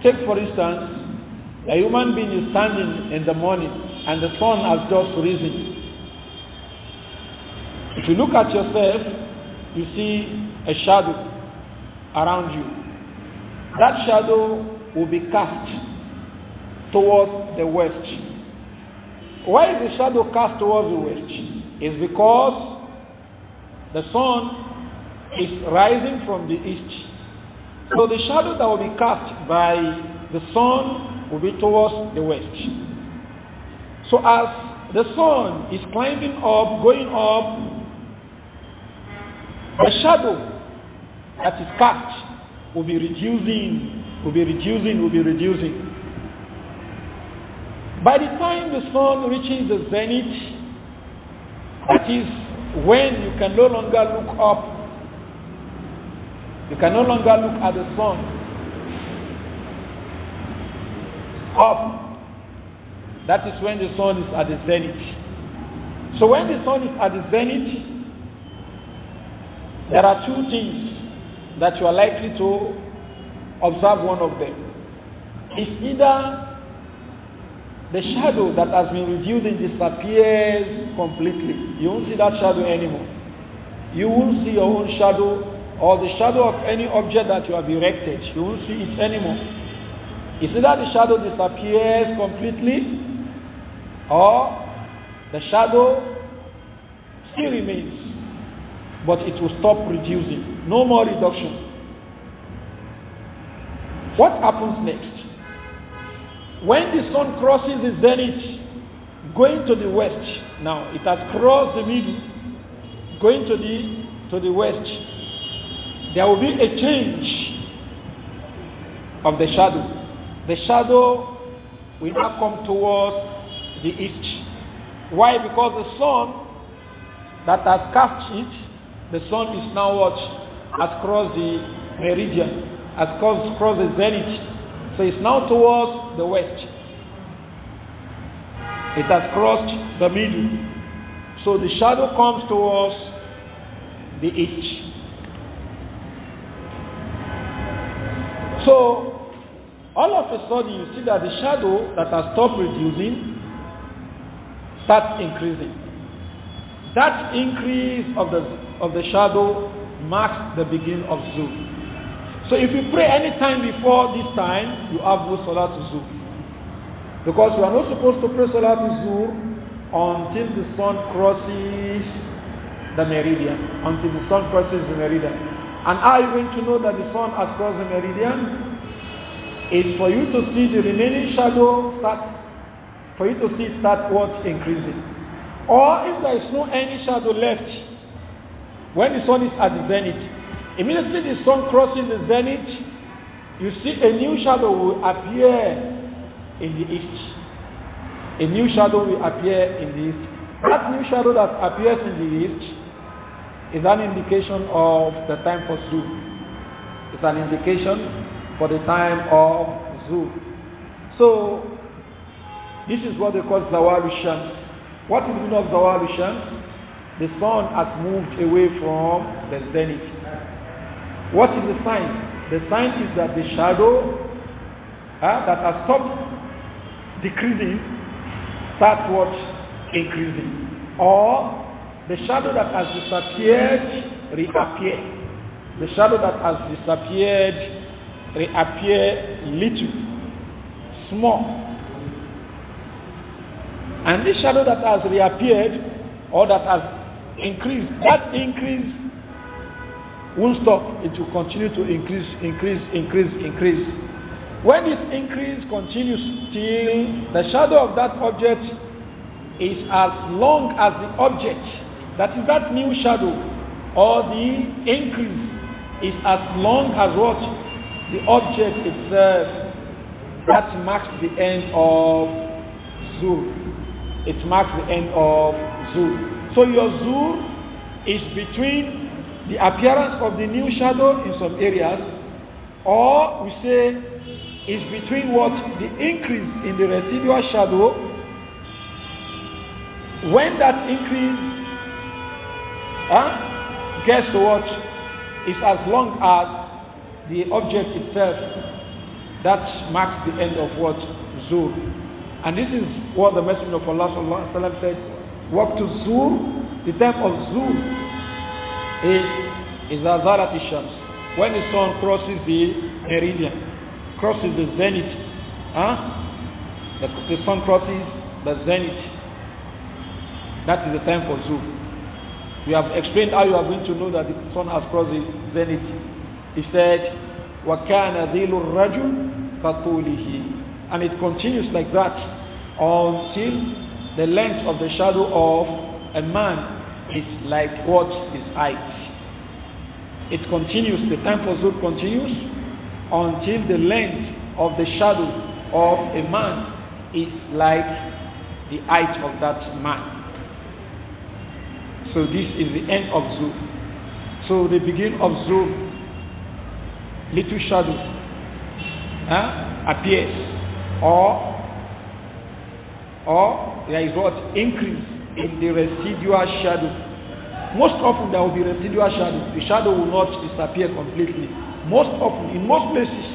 Take for instance, a human being is standing in the morning and the sun has just risen. If you look at yourself, you see a shadow around you. That shadow will be cast towards the west. Why is the shadow cast towards the west? It's because the sun is rising from the east. So the shadow that will be cast by the sun will be towards the west. So as the sun is climbing up, going up, the shadow that is cast will be reducing, will be reducing, will be reducing. By the time the sun reaches the zenith, that is when you can no longer look up, you can no longer look at the sun. Up, that is when the sun is at the zenith. So when the sun is at the zenith, there are two things that you are likely to observe one of them. It's either the shadow that has been revealed and disappears completely. You won't see that shadow anymore. You won't see your own shadow or the shadow of any object that you have erected. You won't see it anymore. It's either the shadow disappears completely or the shadow still remains but it will stop reducing. No more reduction. What happens next? When the sun crosses the zenith, going to the west, now it has crossed the middle, going to the to the west, there will be a change of the shadow. The shadow will now come towards the east. Why? Because the sun that has cast it the sun is now what? Has crossed the meridian, has crossed, crossed the zenith. So it's now towards the west. It has crossed the middle. So the shadow comes towards the east. So all of a sudden you see that the shadow that has stopped reducing starts increasing. That increase of the, of the shadow marks the beginning of Zuhr. So if you pray any time before this time, you have no Salat Zuhr. Because you are not supposed to pray Salat Zuhr until the sun crosses the meridian. Until the sun crosses the meridian. And are you going to know that the sun has crossed the meridian? It's for you to see the remaining shadow start, for you to see start what increasing. Or if there is no any shadow left, when the sun is at the zenith, immediately the sun crosses the zenith, you see a new shadow will appear in the east. A new shadow will appear in the east. That new shadow that appears in the east is an indication of the time for zoo. It's an indication for the time of zoo. So, this is what they call Zawalu What is the meaning of Zawal Shams? The sun has moved away from the zenith. What is the sign? The sign is that the shadow uh, that has stopped decreasing starts what? Increasing. Or the shadow that has disappeared reappears. The shadow that has disappeared reappears little, small. And this shadow that has reappeared or that has increased, that increase won't stop. It will continue to increase, increase, increase, increase. When this increase continues till the shadow of that object is as long as the object, that is that new shadow or the increase is as long as what the object itself that marks the end of Zul it marks the end of Zuhr. So your Zuhr is between the appearance of the new shadow in some areas, or we say is between what the increase in the residual shadow, when that increase huh, gets to what is as long as the object itself, that marks the end of what? Zuhr. And this is what the Messenger of Allah sallallahu alaihi wasallam said: "Walk to Zul, The time of Zul is is Azalat shams when the sun crosses the meridian, crosses the zenith. Huh? The, the sun crosses the zenith. That is the time for Zul. We have explained how you are going to know that the sun has crossed the zenith. He said, وَكَانَ ذِيلُ rajul and it continues like that until the length of the shadow of a man is like what is height. It continues, the time for Zuhr continues until the length of the shadow of a man is like the height of that man. So this is the end of Zuhr. So the beginning of Zuhr, little shadow huh, appears or or there is what increase in the residual shadow most often there will be residual shadow the shadow will not disappear completely most often in most places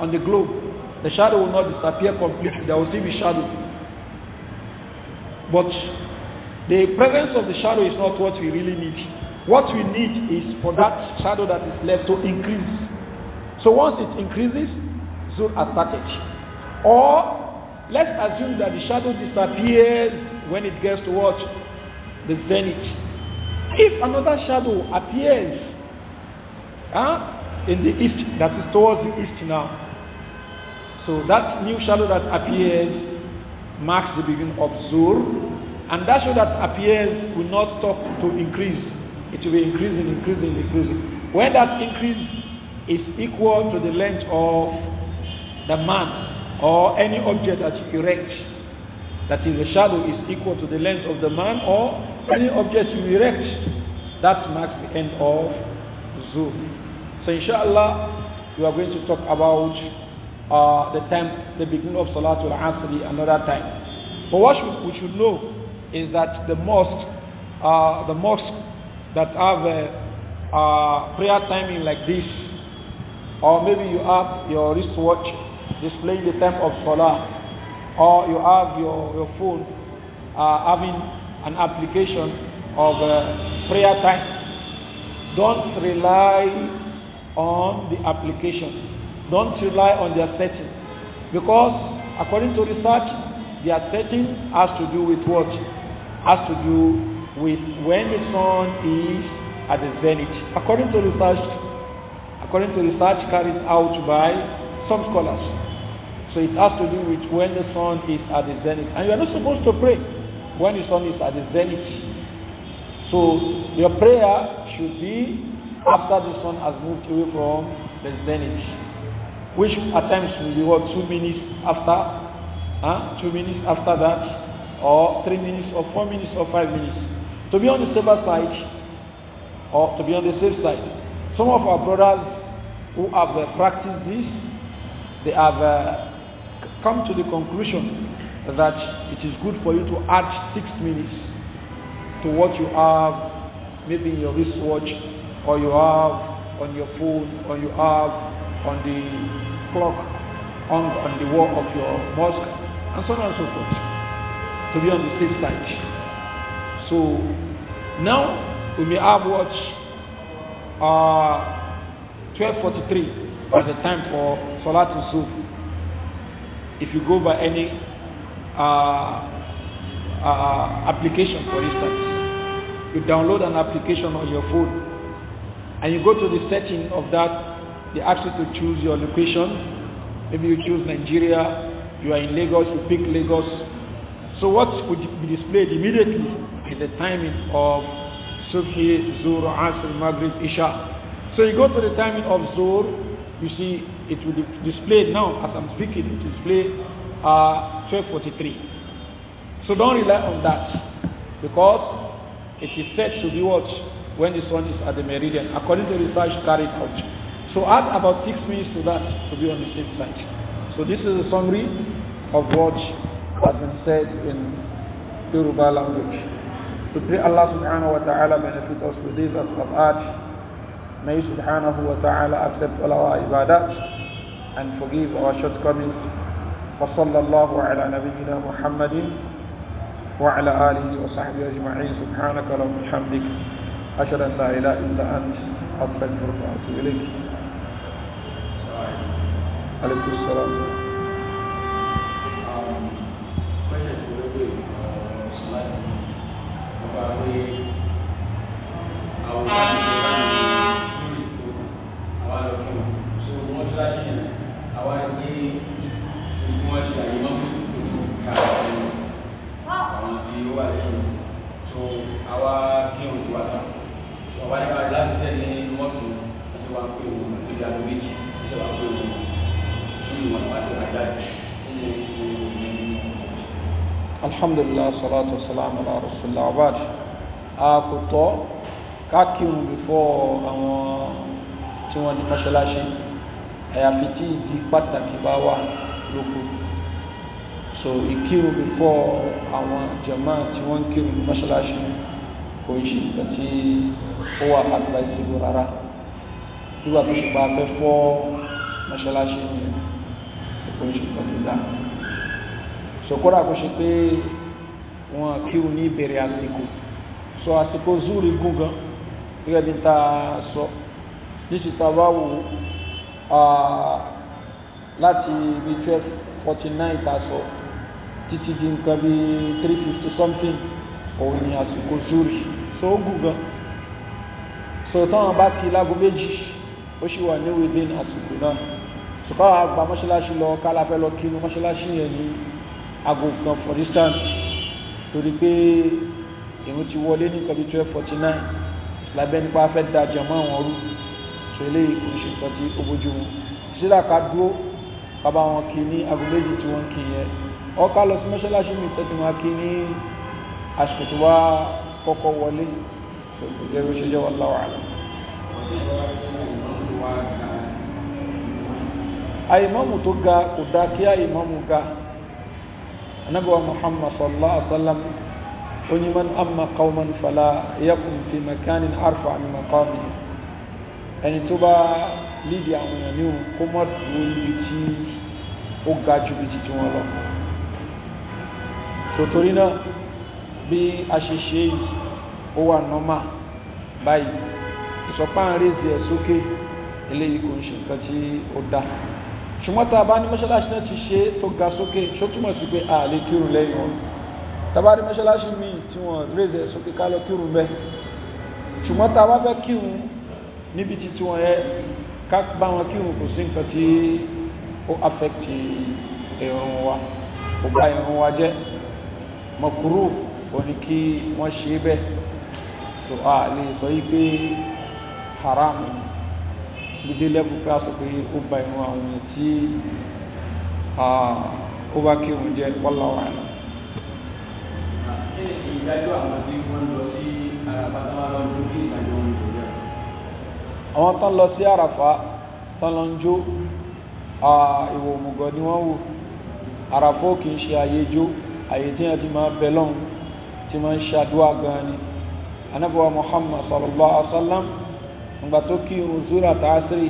on the globe the shadow will not disappear completely there will still be shadow but the presence of the shadow is not what we really need what we need is for that shadow that is left to increase so once it increases so attack it or Let's assume that the shadow disappears when it gets towards The zenith. If another shadow appears huh, in the east, that is towards the east now, so that new shadow that appears marks the beginning of Zur, and that shadow that appears will not stop to increase. It will be increasing, increasing, increasing. When that increase is equal to the length of the month, or any object that you erect in the shadow is equal to the length of the man or any object you erect that marks the end of zoom so inshallah we are going to talk about uh, the time the beginning of salatul asr another time but what we should know is that the mosque uh, the mosque that have a, a uh, prayer timing like this or maybe you have your wristwatch displaying the time of Salah, or you have your, your phone uh, having an application of uh, prayer time. Don't rely on the application. Don't rely on their setting. Because according to research, their setting has to do with what? Has to do with when the sun is at the zenith. According to research, according to research carried out by some scholars, So it has to do with when the sun is at the zenith. And you are not supposed to pray when the sun is at the zenith. So your prayer should be after the sun has moved away from the zenith, which at times will be what, two minutes after, huh? two minutes after that, or three minutes, or four minutes, or five minutes. To be on the safer side, or to be on the safe side. Some of our brothers who have uh, practiced this, they have uh, come to the conclusion that it is good for you to add six minutes to what you have maybe in your wristwatch or you have on your phone or you have on the clock on, on the wall of your mosque and so on and so forth to be on the safe side. So now we may have what uh, 12.43 as the time for Salat to Sufi if you go by any uh, uh, application, for instance. You download an application on your phone and you go to the setting of that. They ask you to choose your location. Maybe you choose Nigeria, you are in Lagos, you pick Lagos. So what would be displayed immediately is the timing of Subhi, Zuhr, Asr, Maghrib, Isha. So you go to the timing of Zuhr, you see, it will display now as I'm speaking, it will display uh, 1243. So don't rely on that because it is said to be watched When the sun is at the meridian, according to research carried out. So add about six minutes to that to be on the safe side. So this is a summary of what has been said in Yoruba language. To pray Allah subhanahu wa ta'ala benefit us with this as of art. May subhanahu wa ta'ala accept all our ibadat and forgive our shortcomings. وصلى الله على نبينا محمد وعلى آله وصحبه أجمعين سبحانك اللهم وبحمدك أشهد أن لا إله إلا أنت أستغفرك وأتوب إليك عليكم السلام Thank you. wà lẹ́yìn tó àwa kí òun ti wà tán tó àwa nípa láti tẹ̀lé mọ́tò àti wà pé òun àti ìyá ló méjì àti wà pé òun kí ìwà wà tó àjà ìṣẹ̀lẹ̀ ìṣẹ̀lẹ̀ alhamdulilah salatu salam ala rasulillah abad akutọ kakirun bifọ àwọn tí wọn ní mọ́ṣáláṣí àyàfi tí ìdí pàtàkì bá wà lóko so ìkírun before àwọn jama tí wọ́n ń kírun ní mọ́ṣáláṣí kò ń ṣe nǹkan tí ó wà advisable rárá nígbà tó ṣe pa afẹ́ fọ́ mọ́ṣáláṣí ni kò ṣe so kódà kó ṣe pé wọn kírun ní ìbẹ̀rẹ̀ àsìkò so àsìkò zúùrì gùn gan gẹ́gẹ́ bí ta sọ níṣì ta bá wò láti ibi twelve forty nine ta sọ títí di nǹkan bí 350 something òun ni àsìkò zuri so ó gùn gan so táwọn bá kí lágo méjì ó sì wà ní within àsìkò náà ṣùgbọ́n àwọn àgbà mọ́ṣáláṣí lọ kálá fẹ́ lọ kínú mọ́ṣáláṣí yẹn ní aago kan for instance torí pé èmi ti wọlé ní nǹkan bí 1249 lábẹ́ nípa fẹ́ da jẹ̀mọ́ àwọn ọrú so eléyìí kò ṣe nǹkan tí ó bójú mu sídà ká dúró bàbá wọn kì í ní aago méjì tí wọ́n kì í yẹn ọkà lọ sí mọ́ṣáláṣí mi tẹ́tí wọn kí ní àsìkò tó wá kọ́kọ́ wọlé ẹ̀rọ ìṣẹ́jọ́ wọn láwà rẹ̀. àìmọ́mù tó ga kò dá kí àìmọ́mù ga anábọ̀wá muhammad sallallahu alaihi wa sallam onímọ̀n amma qawman fala yakun fi makanin arfa min maqami ẹni tó bá lídìí àwọn èèyàn ní òun kó mọ̀ dúró ibi tí ó ga ju ibi tí wọ́n lọ tòtòrí náà bí a ṣe ṣe yìí ó wà nọ́mà báyìí ìsọpá ń rí ìzẹ̀ sókè eléyìí kò ń ṣe nǹkan tí ó dá ṣùgbọ́n tá a bá ní mọ́ṣáláṣí náà ti ṣe tó ga sókè ṣó túmọ̀ sí pé a lè kírun lẹ́yìn wọn tàbá ní mọ́ṣáláṣí míì tí wọ́n rí ìzẹ̀ sókè ká lọ kírun bẹ́ẹ̀ ṣùgbọ́n tá a bá fẹ́ kírun níbi tí tí wọ́n yẹ ká bá wọn kírun kò sí nǹkan tí ó affect ìrun wa kò bá ìrun wa jẹ́ mọ̀kúrú òní kí wọ́n ṣe bẹ́ẹ̀ tó a lè sọ yí pé haram gbígbé lẹ́kùn pé a sọ pé ó ba ìrún àwọn èèyàn tí ó bá kí òun jẹ wọ́láwà náà. ìdájọ́ àwọn tí wọ́n lọ sí tán lọ sí àràfà tán lọ ń jó ìwò òmùgọ̀ ni wọ́n wò àràfà ò kì í ṣe àyè jó àyè tí wọ́n ti máa bẹ lọ́hùn tí wọ́n ń ṣàdúrà gan ni anábọ̀wá Muhammad sallallahu alaihi wa sallam ìgbà tó kí ozura tàásírì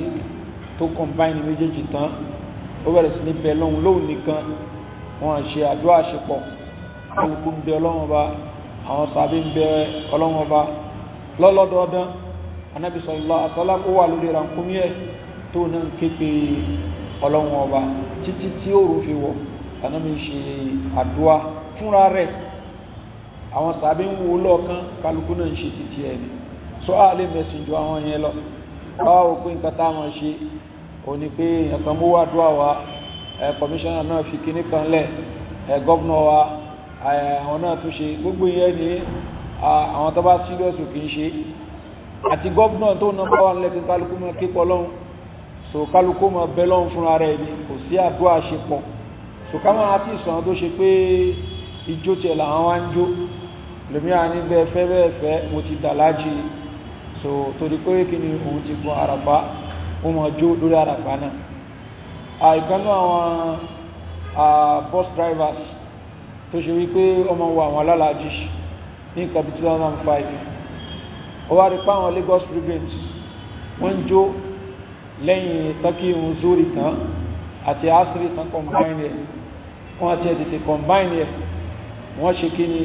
tó kọ̀ǹbáìnì méjèèjì tán ó bẹ̀rẹ̀ sí ní bẹ lọ́hùn lóhùn nìkan wọ́n á ṣe àdúrà àṣepọ̀ olùkú ń bẹ ọlọ́wọ́n ọba àwọn sàbí ń bẹ ọlọ́wọ́n ọba lọ́lọ́dọọdán anábì sallallahu alaihi wa sallam ó wà lórí rànkúmí ẹ̀ tó náà ń ké ọlọ́wọ́n ọba títí tí òòrùn fi wọ̀ ànábi ṣe adua fúnra rẹ̀ àwọn sàbí ń wo lọ́ọ̀kan kálukú náà ń ṣe títí ẹ̀ ni so a lè mẹ̀sìn ju àwọn yẹn lọ báwa ò pé nǹkan táwọn ṣe ò ní pé nǹkan mú wá àdúà wa kọmíṣánná náà fi kíní kan lẹ̀ gọ́vnà wa àwọn náà tún ṣe gbogbo ìyẹn ni àwọn tó bá síríọ̀sì kì í ṣe àti gọ́vnà tó náà bá wà nílẹ̀ kálukú máa kékọ̀ọ́ lọ́hùn so kálukú máa bẹ́ lọ́hùn fúnra rẹ̀ ni kò sí àdúà ṣe pọ̀ sùkámọ́ àti ìsàn tó ṣe pé ijó tiẹ̀ làwọn wá ń jó lèmi à bẹ́ẹ̀ fẹ́ bẹ́ẹ̀ fẹ́ mo ti dà lájì so torí pé kí ni òun ti gun àràbá mo mọ̀ jó lórí àràbá náà àìkánú àwọn bus drivers tó ṣe wípé ọmọ wa àwọn alálàájì ní nǹkan bí 2005 ó wá rí pa àwọn Lagos Tribune wọ́n ń jó lẹ́yìn tọ́kì ìhun zúrì kan àti asiri tán combine wọ́n ti tètè combine yẹ wọ́n ṣe kí ni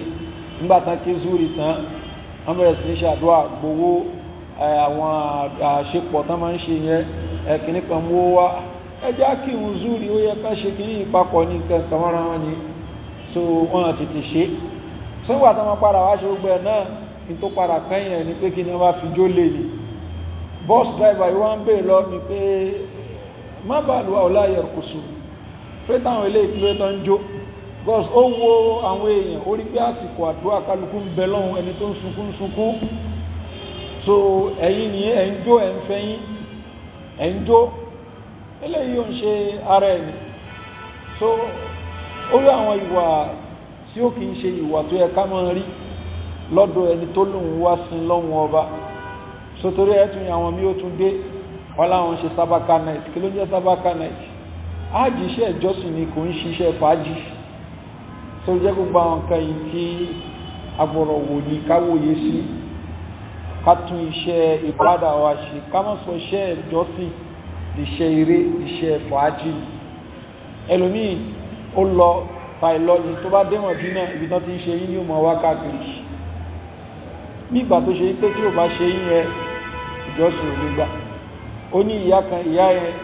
nígbà tán kí zuri tán wọ́n bẹ̀rẹ̀ sí ní ṣàdúrà gbowó àwọn àṣepọ̀ tán máa ń ṣe yẹn ẹ̀kíní kan mú wá ẹjá kí ìwù zuri ó yẹ ká ṣe kí ní ìpapọ̀ ní nǹkan kàmọ́ra wọn ni so wọ́n tètè ṣe sọ́gbà tán máa padà wá ṣe gbogbo ẹ̀ náà ní tó padà kẹ́yìn ẹ̀ ni pé kí ni wọ́n bá fi jó lè ní bọ́ọ̀sì dráìvà yìí wọ́n ń bèè lọ́ mi pé má bàa lu àwòlá yẹ̀rù pé táwọn ilé ìpínlẹ̀ tó ń jó gọ́s ó wo àwọn èèyàn ó rí pé àsìkò àdúrà kálukú ń bẹ lọ́hùn ẹni tó ń sunkún sunkún so ẹ̀yin ni ẹ̀ ń jó ẹ̀ ń fẹ́yìn ẹ̀ ń jó eléyìí ò ń ṣe ara ẹ̀ ni so ó rí àwọn ìwà tí ó kì í ṣe ìwà tó yẹ ká máa rí lọ́dọ̀ ẹni tó lòun wá sí lọ́hùn ọba sotori ẹ̀ tún àwọn mi ó tún dé wọn láwọn ṣe sábàkà náà kí ló ń jẹ́ sábàkà náà ájì iṣẹ́ ìjọsìn ni kò ń ṣiṣẹ́ fàájì tó jẹ́ gbogbo àwọn nǹkan yìí tí agbọ̀rọ̀ wò ní káwòye sí ká tún iṣẹ́ ìbádà wa ṣe ká má sọ iṣẹ́ ìjọsìn iṣẹ́ eré iṣẹ́ fàájì ẹlòmíì ó lọ fàìlọ́ọ̀lì tó bá dé Mọdínà ibi tán ti ń ṣe yí ní ọmọ wákàkiri nígbà tó ṣe pé tí ò bá ṣe yí yẹn ìjọsìn ò ní gbà ó ní ìyá kan ìyá yẹn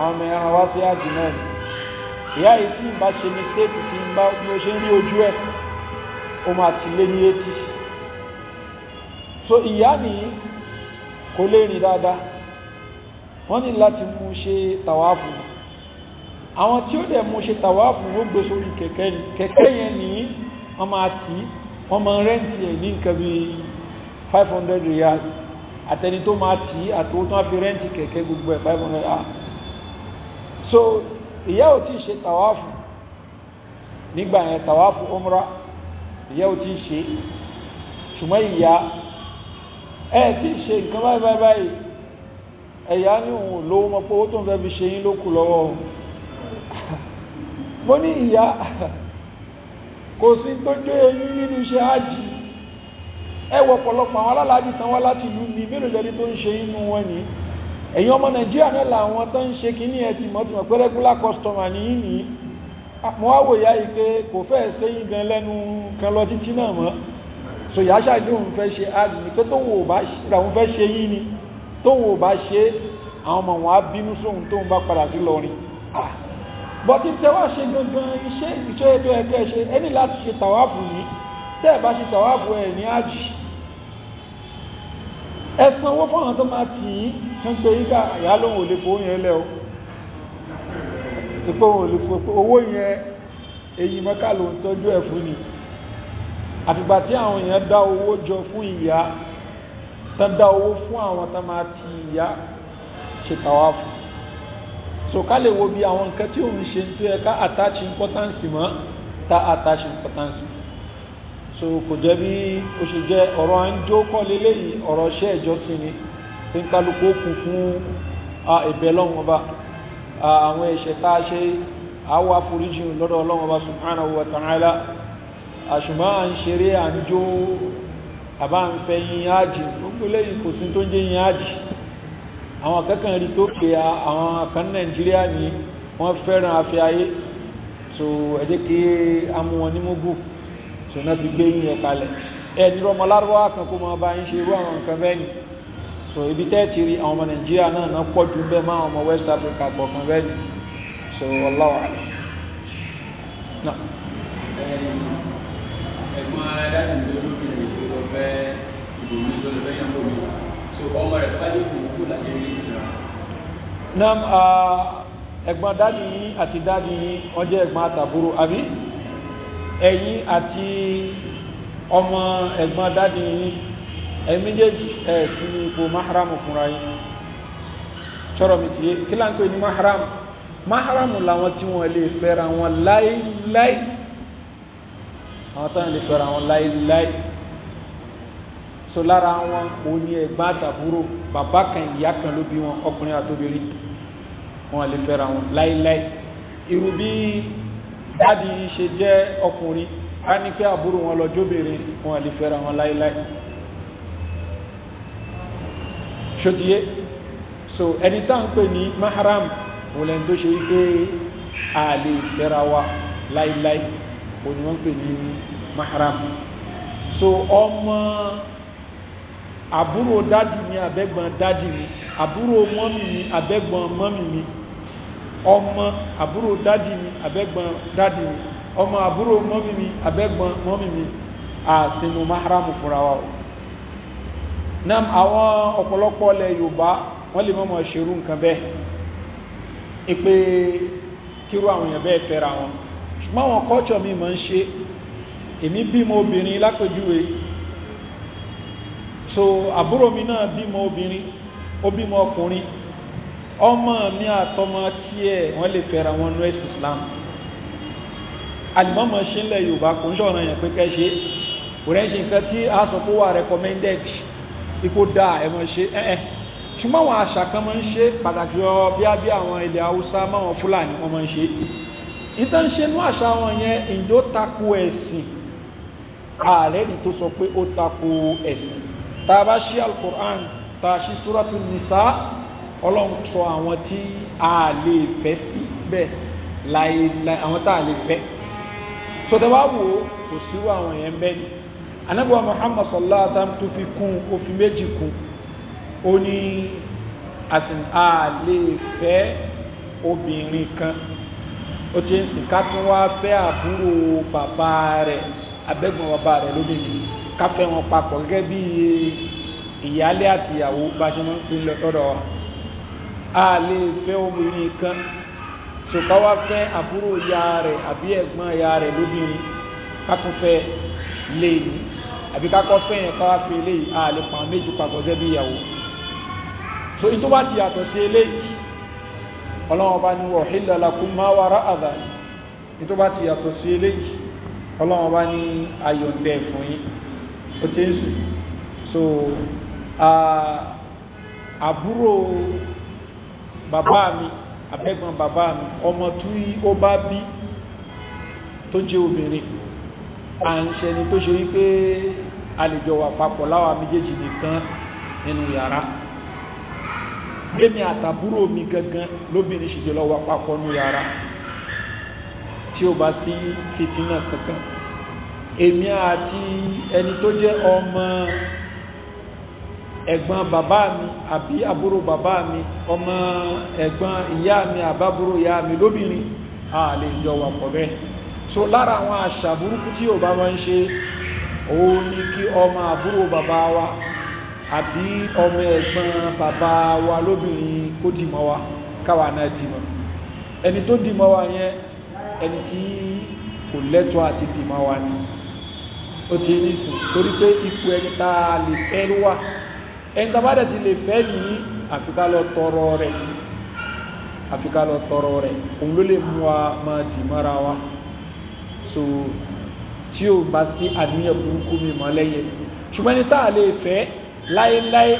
àwọn ọmọ ẹran wá sí àjì náà ni ìyá yìí tí ń bá ṣe ní stéètì tí ń bá bí ó ṣe ń rí ojú ẹ̀ ó máa ti lé ní etí so ìyá nìyí kò lè rìn dáadáa wọ́n ní láti mú ṣe tàwáàfù àwọn tí ó dẹ̀ mú ṣe tàwáàfù ó gbé sórí kẹ̀kẹ́ ni kẹ̀kẹ́ yẹn ní wọ́n máa tì í wọ́n máa rẹ́ǹtì ẹ̀ ní nǹkan bí 500 riyal àtẹni tó máa tì í àtòótọ́ àfi rẹ́ǹtì kẹ̀kẹ́ gbogbo ẹ̀ 500 riyal so ìyá ò tí ṣe tàwáfù nígbà yẹn tàwáfù umra ìyá ò tí ṣe ṣùgbọ́n ìyá ẹ tí ṣe nǹkan báyìí báyìí báyìí ẹ̀yà ní òun lówó mọ́ pé owó tó ń fẹ́ fi ṣe yín ló kù lọ́wọ́ mo ní ìyá kò sí tó jó eyín nínú iṣẹ́ ájì ẹ wọ ọ̀pọ̀lọpọ̀ àwọn alálàájì tán wá láti ìlú ní mélòó lẹ́ni tó ń ṣe inú wọn nìyí ẹ̀yin ọmọ nàìjíríà náà làwọn tó ń ṣe kínní ẹ ti mọ̀tìmọ̀ pé regular customer ní yìí nìyí mo wá wòyá yìí pé kò fẹ́ sẹ́yìn gan lẹ́nu kan lọ títí náà mọ́ so ìyá ṣáájú òun fẹ́ ṣe áàdì ni pé tóun ò bá ṣe òun fẹ́ ṣe yìí ni tóun ò bá ṣe àwọn ọmọ wọn á bínú sóhun tóun bá padà sí lọrin bọ́tí tẹ́wà ṣe gangan iṣẹ́ ìṣẹ́ ètò ẹgbẹ́ ṣe ẹni láti ṣe tàwáàfù yìí tẹ́ẹ̀ bá ṣe tàwáàfù ẹ̀ ní ájì ẹ̀sùn owó fọ́nà tó máa tì í ń pé yíká àyà lóhun ò lè fowó yẹn lẹ́ o ìpò òun ò lè fowó owó yẹn èyí mẹ́ká ló ń tọ́jú ẹ̀ fún ni àtìgbà tí àwọn èèyàn dá owó jọ fún ìyá tán dá owó fún àwọn tán máa ti ìyá ṣe tàwa fún so ká lè wo bí àwọn nǹkan tí òun ṣe ń tó yẹ ká attach importance mọ́ ta attach importance mọ́ so kò jẹ́ bí ó ṣe jẹ́ ọ̀rọ̀ à ń jó kọ́ leléyìí ọ̀rọ̀ iṣẹ́ ìjọsìn ni tí ń kálukú kù fún ìbẹ̀ lọ́wọ́n ọba àwọn ẹ̀ṣẹ̀ tá a ṣe àwọ̀ àforíjì lọ́dọ̀ ọlọ́wọ́n ọba subhanahu wa ta'ala àṣùmọ́ à ń ṣeré à ń jó àbá ń fẹ́ yín ájì gbogbo lẹ́yìn kò sí tó ń jẹ́ yín ájì àwọn akẹ́kọ̀ọ́ rí tó pé àwọn kan nàìjíríà ni wọ́n fẹ́ràn afẹ́ ayé so ẹ̀jẹ̀ kí a wọn ní mú gùn sọ̀nà fi gbé yín yẹn kalẹ̀ ẹ dúró ọmọ lárúbáwá kan kó máa bá yín ṣe irú àwọn nǹkan bẹ́ẹ̀ ni so ibi tẹ́ ti rí àwọn ọmọ nàìjíríà náà náà pọ̀ jù bẹ́ẹ̀ máa ọmọ west africa pọ̀ kan bẹ́ẹ̀ ni so wallahu a'lam. ẹ̀gbọ́n ara dáàbò ìlú olóbìnrin tó lọ fẹ́ ìbòmí tó lọ fẹ́ yàgò mi so ọmọ rẹ̀ fájú yín àti dáàbò yín wọ́n ẹ̀gbọ́n àtàbúrò àbí ẹ̀yin àti ọmọ ẹ̀gbọ́n dadi yín ẹ̀mí méjèèjì ẹ̀ sí ipò maharamu fúnra yín sọ̀rọ̀ mi tìyẹ kí láǹkó ní maharamu maharamu làwọn tí wọ́n lè fẹ́ra wọn láéláé àwọn táwọn lè fẹ́ra wọn láéláé so lára wọn òun ni ẹ̀gbọ́n àtàbúrò bàbá kan ìyá kan ló bí wọn ọkùnrin àtòbìnrin wọn lè fẹ́ra wọn láéláé irú bíi dáàdì yìí ṣe jẹ́ ọkùnrin a ní kí àbúrò wọn lọ jóbìnrin wọn lè fẹ́ra wọn láíláí ṣòtíyé so ẹni tá ń pè ní mahram òun lẹ́nu tó ṣe wípé a lè fẹ́ra wa láíláí òun ni wọ́n pè ní mahram so ọmọ àbúrò dáàdì mi àbẹ́gbọ̀n dáàdì mi àbúrò mọ́mì mi àbẹ́gbọ̀n mọ́mì mi ọmọ àbúrò dádì mi abẹ́gbọ́n dádì mi ọmọ àbúrò mọ́mì mi abẹ́gbọ́n mọ́mì mi àsìnú mahram fúnra wa o nam àwọn ọ̀pọ̀lọpọ̀ ilẹ̀ Yorùbá wọ́n lè mọ̀mọ́ ṣerú nǹkan bẹ́ẹ̀ ìpè kíru àwọn èèyàn bẹ́ẹ̀ fẹ́ra wọn ṣùgbọ́n àwọn kọ́ọ̀tsọ̀ mi máa ń ṣe èmi bímọ obìnrin lápèjúwe so àbúrò mi náà bímọ obìnrin ó bímọ ọkùnrin ọmọ mi àtọmọ tiẹ̀ wọ́n lè fẹ́ra wọn nú ẹ̀sìn Islam alimọ́mọ ṣe ń lẹ̀ Yorùbá kò ń ṣọ̀ràn yẹn pé kẹ́ ṣe kò rẹ́ ṣe nǹkan tí a sọ pé wà recommended ipò dáa ẹ̀ mọ̀ ṣe ẹ̀ ẹ̀ ṣùgbọ́n àwọn àṣà kan máa ń ṣe pàtàkì ọ bí abí àwọn ilẹ̀ Haúsá máwọn Fúlàní wọn máa ń ṣe ìtàn ṣe inú àṣà wọn yẹn ìjó tako ẹ̀sìn ààrẹ ni tó sọ pé ó tako ẹ̀sìn tá a bá ṣí al tá a ṣí Suratul Nisa ọlọ́run sọ àwọn tí a lè fẹ́ sí bẹ́ẹ̀ láìláì àwọn tá a lè fẹ́ sọtẹ́wá kò síwọ́ àwọn èèyàn bẹ́ẹ̀ ni anábọ̀ Muhammad sallallahu alaihi wasallam tó fi kún òfin méjì kún ó ní àsìn a lè fẹ́ obìnrin kan ó ti ń sìn ká tún wá fẹ́ àbúrò bàbá rẹ̀ abẹ́gbọ̀n bàbá rẹ̀ lóbìnrin ká fẹ́ wọn papọ̀ gẹ́gẹ́ bí ìyálé àtìyàwó bá ṣe máa ń pín lọ́dọ̀ wa a lè fẹ́ obìnrin kan ṣùgbọ́n wá fẹ́ àbúrò ya rẹ̀ àbí ẹ̀gbọ́n ya rẹ̀ lóbìnrin ká tún fẹ́ lè e ní àbí kakọ fẹyìn káwá fi eléyìí a lè pa méjì papọ̀ gẹ́gẹ́ ìyàwó so ìtò bá ti yàtọ̀ sí eléyìí ọlọ́wọ́n bá ní uhilla lakum ma wara'a dhalik ìtò bá ti yàtọ̀ sí eléyìí ọlọ́wọ́n bá ní ayọ̀ǹdẹ̀ fún yín ó ti ń sùn so àbúrò bàbá mi abẹ́gbọ́n bàbá mi ọmọ tí ó bá bí tó jẹ́ obìnrin à ń ṣẹni tó ṣe wípé àlejò wà papọ̀ láwa méjèèjì nìkan nínú yàrá gbẹmí àtàbúrò mi gangan lóbìnrin ṣìjọ lọ wà papọ̀ nínú yàrá tí ó bá sí fìtínà kankan èmi àti ẹni tó jẹ́ ọmọ ẹ̀gbọ́n bàbá mi àbí àbúrò bàbá mi ọmọ ẹ̀gbọ́n ìyá mi àbábúrò ìyá mi lóbìnrin a lè jọ wà pọ̀ bẹ́ẹ̀ so lára àwọn àṣà burúkú tí Yorùbá máa ń ṣe òun ni kí ọmọ àbúrò bàbá wa àbí ọmọ ẹ̀gbọ́n bàbá wa lóbìnrin kó dì mọ́ wa káwa náà dì ẹni tó dì wa yẹn ẹni tí kò lẹ́tọ̀ọ́ àti dì wa ni ó ti ní sùn torí pé ipò ẹni tá a lè fẹ́ wà ẹni tó bá dẹ̀ ti lè fẹ́ yìí àfikà lọ tọrọ rẹ̀ àfikà lọ tọrọ rẹ̀ òun ló lè mú wa máa dì mọ́ra wa so tí o bá sí àníyàn burúkú mi mọ́ lẹ́yìn ṣùgbọ́n ẹni tá a lè fẹ́ láéláé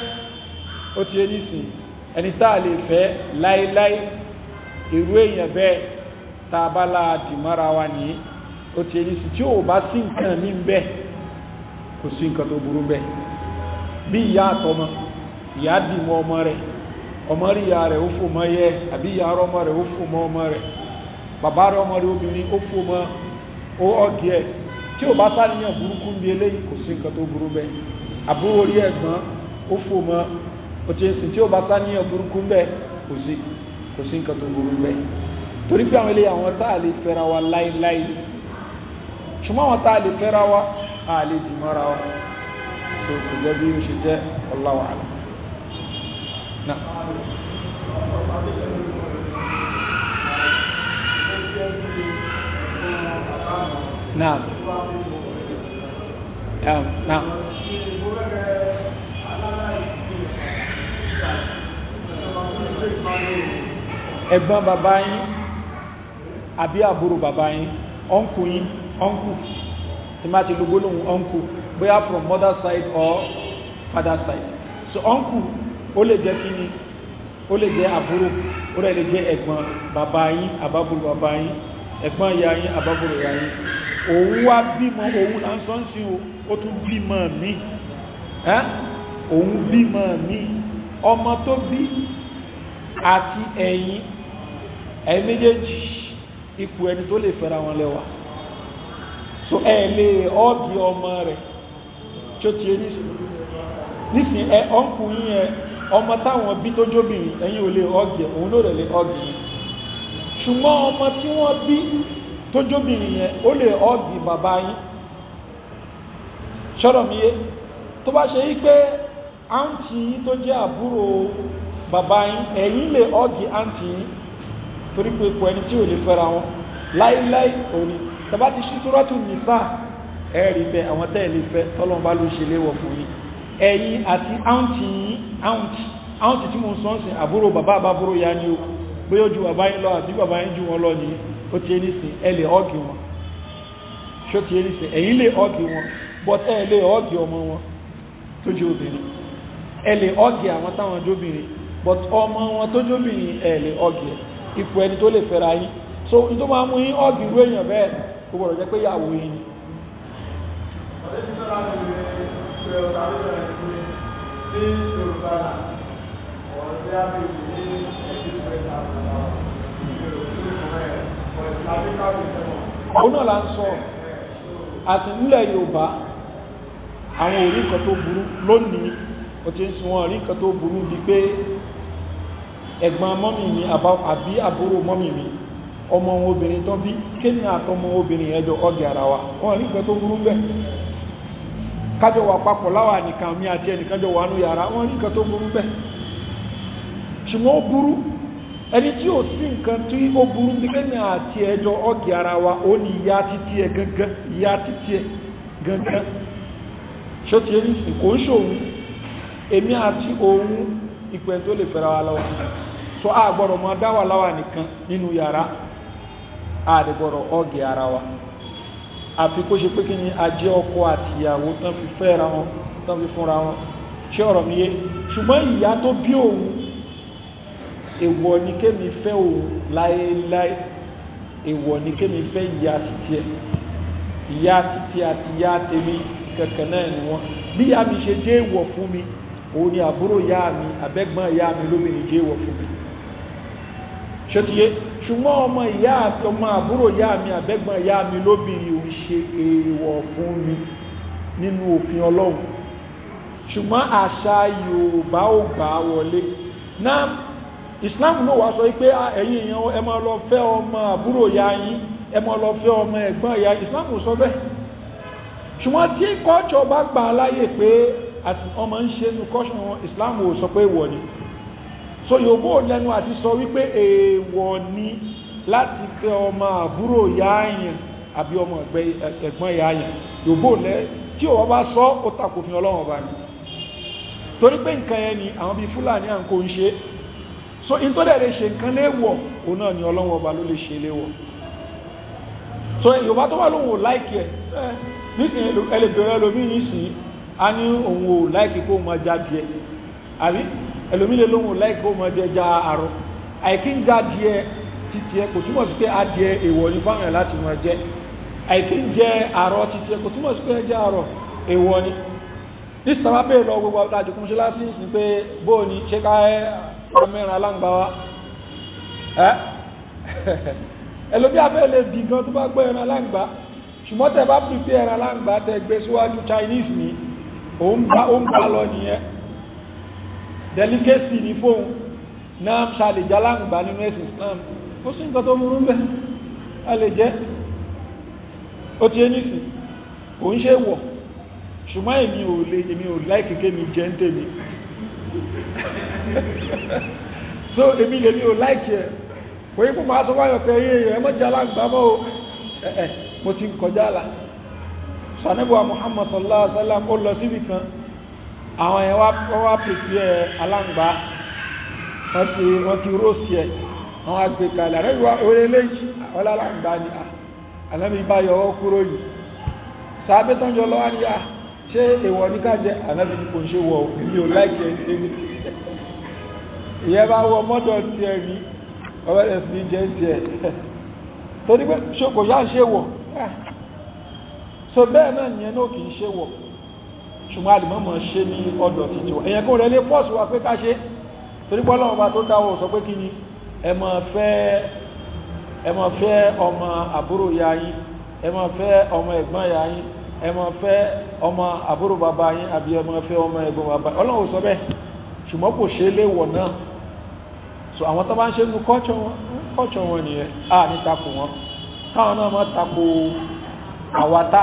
ó ti yé nísìn ẹni tá a lè fẹ́ láéláé irú èèyàn bẹ́ẹ̀ tá a bá la dì mọ́ra wa nìyí ó ti yé nísìn tí o bá sí nǹkan mi bẹ́ẹ̀ kò sí nǹkan tó burú bẹ́ẹ̀. bí ìyá àtọmọ ìyá dìmọ ọmọ rẹ̀ ọmọ rí ìyá rẹ̀ ó fò yẹ àbí ìyá ọmọ rẹ̀ ó fò ọmọ rẹ̀ bàbá rẹ̀ ọmọ rẹ̀ obìnrin ó fò mọ́ ó ọ̀gì ẹ̀ tí bá sáníyàn burúkú ń bi eléyìí kò sí nǹkan tó burú bẹ́ẹ̀ àbúrò orí àwọn eléyìí àwọn tá a lè fẹ́ra wa àwọn tá a lè fẹ́ra wa a lè dì tó kò jẹ́ bí ó ṣe jẹ́ Allahu a'lam náà Naam. Naam. Naam. Ẹ̀gbọ́n bàbá yín àbí àbúrò bàbá yín, ọ̀nkù yín, ọ̀nkù, tí máa ti lùgbónà ọ̀nkù. bóyá from mother side or father side so uncle ó lè jẹ́ kí ni ó lè jẹ́ àbúrò ó lè jẹ́ ẹ̀gbọ́n bàbá yín àbábúrò bàbá yín ẹ̀gbọ́n ìyá yín àbábúrò ìyá yín òun wá bímọ òun là ń sọ ń sin o ó tún bímọ mi òun bímọ mi ọmọ tó bí àti ẹ̀yin ẹ̀yin méjèèjì ipò ẹni tó lè fẹ́ra wọn lẹ́wà so ẹ lè ọ́ di ọmọ rẹ̀ tí ó ti rí nísìn ẹ ọ̀nkù yín ẹ ọmọ táwọn bí tó jóbìnrin ẹ̀yin ò lè ọ̀gì ẹ̀ òun ló rẹ̀ lè ọ̀gì yín ṣùgbọ́n ọmọ tí wọ́n bí tó jóbìnrin yẹn ó lè ọ̀gì bàbá yín ṣọ́rọ̀ mi yé tó bá ṣe yí pé àǹtí yín tó jẹ́ àbúrò bàbá yín ẹ̀yin lè ọ̀gì àǹtí yín torí pé ipò ẹni tí ò lè fẹ́ra wọn láíláí òní tàbá ti ṣí Suratul Nisa ẹ̀rí bẹ àwọn tẹ́ẹ̀lì fẹ́ tọ́lọ́n bá ló ṣe léwọ̀ fún yín ẹ̀yin àti áùntì yín áùntì áùntì tí mo ń àbúrò ya ni o pé ó lọ àbí bàbá yín ju wọn ni ó ti ẹni wọn ṣó ti ẹni sìn ẹ̀yin wọn ẹ lè ọmọ wọn tó obìnrin ẹ lè àwọn táwọn jóbìnrin but ọmọ ẹni tó lè fẹ́ra yín so nítorí wọn mú yín ọ́ọ̀gì irú èèyàn bẹ́ẹ̀ gbogbo òun náà la ń sọ àti nílẹ̀ Yorùbá àwọn orí nǹkan tó burú lónìí o ti ń sun wọn orí nǹkan tó burú di pé ẹ̀gbọ́n mọ́mì mi àbí àbúrò mọ́mì mi ọmọ obìnrin tó bí kéèyàn àtọmọ obìnrin ẹjọ́ ọgẹ̀ ara wa wọn orí nǹkan tó burú bẹ́ẹ̀ kájọ wà papọ̀ láwà nìkan mi àti ẹnìkanjọ wà nù yàrá wọn nìkan tó burú bẹ́ẹ̀ ṣùgbọ́n ó burú ẹni tí ò sí nǹkan tí ó burú bí àti ẹjọ́ ọ̀gì ara wa ó ní ìyá títí ẹ gangan ìyá títí ẹ gangan ṣó ti ẹni sì kò ń ṣòun èmi àti òun ìpẹ́ tó lè fẹ́ra a máa dá wà láwà nìkan nínú yàrá ọ̀gì wa. àfi kó ṣe pé kí ni ajẹ́ ọkọ àtìyàwó tán fi fẹ́ra wọn tán fi fúnra wọn ṣé ọ̀rọ̀ mi yé ṣùgbọ́n ìyá tó bí òun èwọ̀ ni kémi fẹ́ òun láéláé èwọ̀ ni kémi fẹ́ ìyá títí ẹ̀ ìyá títí àti ìyá tèmi kankan náà ni wọ́n bí ìyá mi ṣe jẹ́ èwọ̀ fún mi òun ni àbúrò ìyá mi àbẹ́gbọ́n ìyá mi lómìnir jẹ́ èwọ̀ fún mi ṣé ti yé ṣùgbọ́n ọmọ ìyá àti ọmọ àbúrò ìyá mi àbẹ́gbọ̀n ìyá mi lóbìnrin ò ń ṣe èèwọ̀ fún mi nínú òfin ọlọ́run ṣùgbọ́n àṣà yorùbá ò gbà wọlé náà islam náà wá sọ pé ẹ̀yin èèyàn ẹ máa lọ fẹ́ ọmọ àbúrò ìyá yín ẹ máa lọ fẹ́ ọmọ ẹ̀gbọ́n ìyá islam sọ bẹ́ẹ̀ ṣùgbọ́n tí kọ́ọ̀tù ọba gbà láyè pé ọmọ ń ṣe nu kọ́ọ̀tù islam sọ pé wọ̀ ni so yòówó lẹ́nu àti sọ wípé èèwọ̀ ni láti tẹ ọmọ àbúrò yáàyàn àbí ọmọ ẹ̀gbọ́n yáàyàn yòówó lẹ́ tí òwò bá sọ ó takòfin ọlọ́run ọba ni torí pé nǹkan yẹn ni àwọn bíi fúlàní à ń kó ń ṣe so in tó dẹ̀ lè ṣe nǹkan léèwọ̀ òun náà ni ọlọ́run ọba ló lè ṣe léèwọ̀ so yorùbá tó wà lóhùn ò láìkì ẹ nísìnyí ẹlẹgbẹrẹ lomi nísìnyí a ní òun ò láìkì kó máa jáde ẹ àbí ẹlòmílẹ̀ lóhùn láìkó mọ ẹjẹ já àrùn àìkí ń já díẹ̀ títí ẹ kò túmọ̀ sí pé adìẹ èèwọ̀ ní fáwọn ẹ̀ láti mọ ẹjẹ àìkí ń jẹ àrọ títí ẹ kò túmọ̀ sí pé ẹjẹ àrọ èèwọ̀ ni nísìtàmá bẹ́ẹ̀ lọ gbogbo àjò kún ṣe láti ní pé bóò ni ṣe ká ẹ ọmọrin aláǹgbá wa ẹ ẹlòmí abẹ́ lè dì gan tó bá gbọ́ ẹran aláǹgbá ṣùgbọ́n tẹ bá pèpè ẹran aláǹgbá tẹ gbé síwájú Chinese ni òun bá lọ nìyẹn delicacy n'ifo fóun náà ṣàlèjá láǹgbà nínú ẹ̀sìn Islam ó sì ń kọ́ tó múrú a lè jẹ́ ó ti ẹni sí kò ń ṣe wọ̀ ṣùgbọ́n èmi ò lè èmi ò láìkèké mi jẹ́ ń tèmi so èmi lèmi ò láìkè ẹ̀ kò yí fún máa tó wáyọ̀ pé eré mọ́jà láǹgbà mọ́ mo ti ń kọjá la sànẹ́bùwà Muhammad sallallahu alaihi àwọn yẹn wá wá pèsè ẹ aláǹgbá wọ́n ti wọ́n ti róòsì ẹ̀ wọ́n á gbé kalẹ̀ àrẹ́bí wa orí léyìí ọlá aláǹgbá ni ah, ànábì bá yọwọ́ kúrò yìí sábẹ́ tán jọ lọ́wọ́ níyà ah, ṣé èèwọ̀ ní ká jẹ kò ń ṣe wọ̀ èmi ò láìkẹ́ ẹni ìyẹn bá wọ mọ́tò tiẹ̀ rí ọ̀rẹ́ sí jẹ́ tiẹ̀ torí pé kò yá ṣe wọ̀ ah, so bẹ́ẹ̀ náà nìyẹn náà kì í ṣe wọ̀ ṣùgbọ́n alìmọ́mọ̀ ṣe ní ọdọ̀ títí wọ́n ẹ̀yẹn kún rẹ̀ lé pọ́ọ̀sù wa pé ká ṣe torípọ́lọ́ ọba tó dáwọ́ sọ pé kí ni ẹmọ fẹ́ ọmọ àbúrò ya yín ẹmọ fẹ́ ọmọ ẹ̀gbọ́n ya yín ẹmọ fẹ́ ọmọ àbúrò bàbá yín àbí ẹmọ fẹ́ ọmọ ẹ̀gbọ́n bàbá ọlọ́run sọ bẹ́ẹ̀ ṣùgbọ́n kò ṣe léwọ̀ náà so àwọn tó bá ń ṣe nu kọ́ọ̀ṣọ̀ wọn nìyẹn a ní takò wọn káwọn náà má takò àwa tá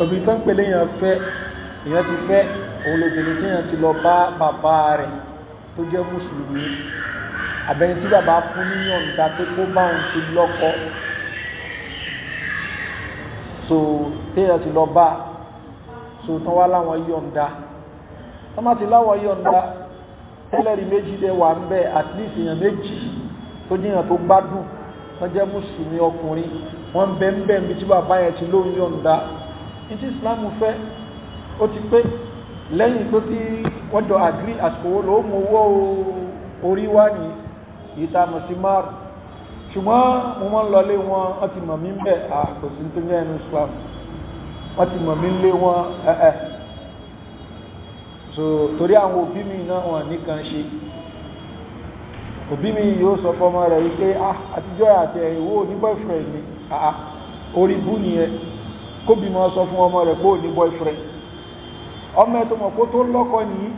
obìnrin tó ń pèlè èèyàn fẹ́ èèyàn ti fẹ́ òun lóbìnrin tí èèyàn ti lọ bá bàbá rẹ̀ tó jẹ́ mùsùlùmí àbẹ̀yìn tí bàbá fún níyàn níta pé kó bá òun ti lọ́kọ so téèyàn ti lọ bá so tán wá láwọn yọ̀ǹda tán má ti láwọn yọ̀ǹda tẹ́lẹ̀rí méjì lè wà ń bẹ́ at least èèyàn méjì tó jíyàn tó gbádùn tán jẹ́ mùsùlùmí ọkùnrin wọ́n bẹ́ẹ̀ bẹ́ẹ̀ bí tí bàbá yẹn ti lóun yọ̀ǹda títí islam fẹ́ ó ti pé lẹ́yìn tó kí wọ́n jọ àgírí àsìkò owó ló mú owó orí wá ní ìtàmù sí márùn ṣùgbọ́n mo mọ́ lọlé wọn wọ́n ti mọ̀ mí ń bẹ̀ àkòsí tó ní ẹnu islam wọ́n ti mọ̀ mí ń lé wọn ẹ̀ẹ́ so torí àwọn òbí mi náà wọn nìkan ṣe òbí mi yóò sọ fọmọ rẹ̀ wípé ah àtijọ́ àti ẹ̀wọ́ ní boyfriend ni ah orí bú nìyẹn kóbi máa sọ fún ọmọ rẹ̀ bóò ní boyfriend ọmọ ẹ̀ tó mọ̀ kó tó lọ́kọ nìyí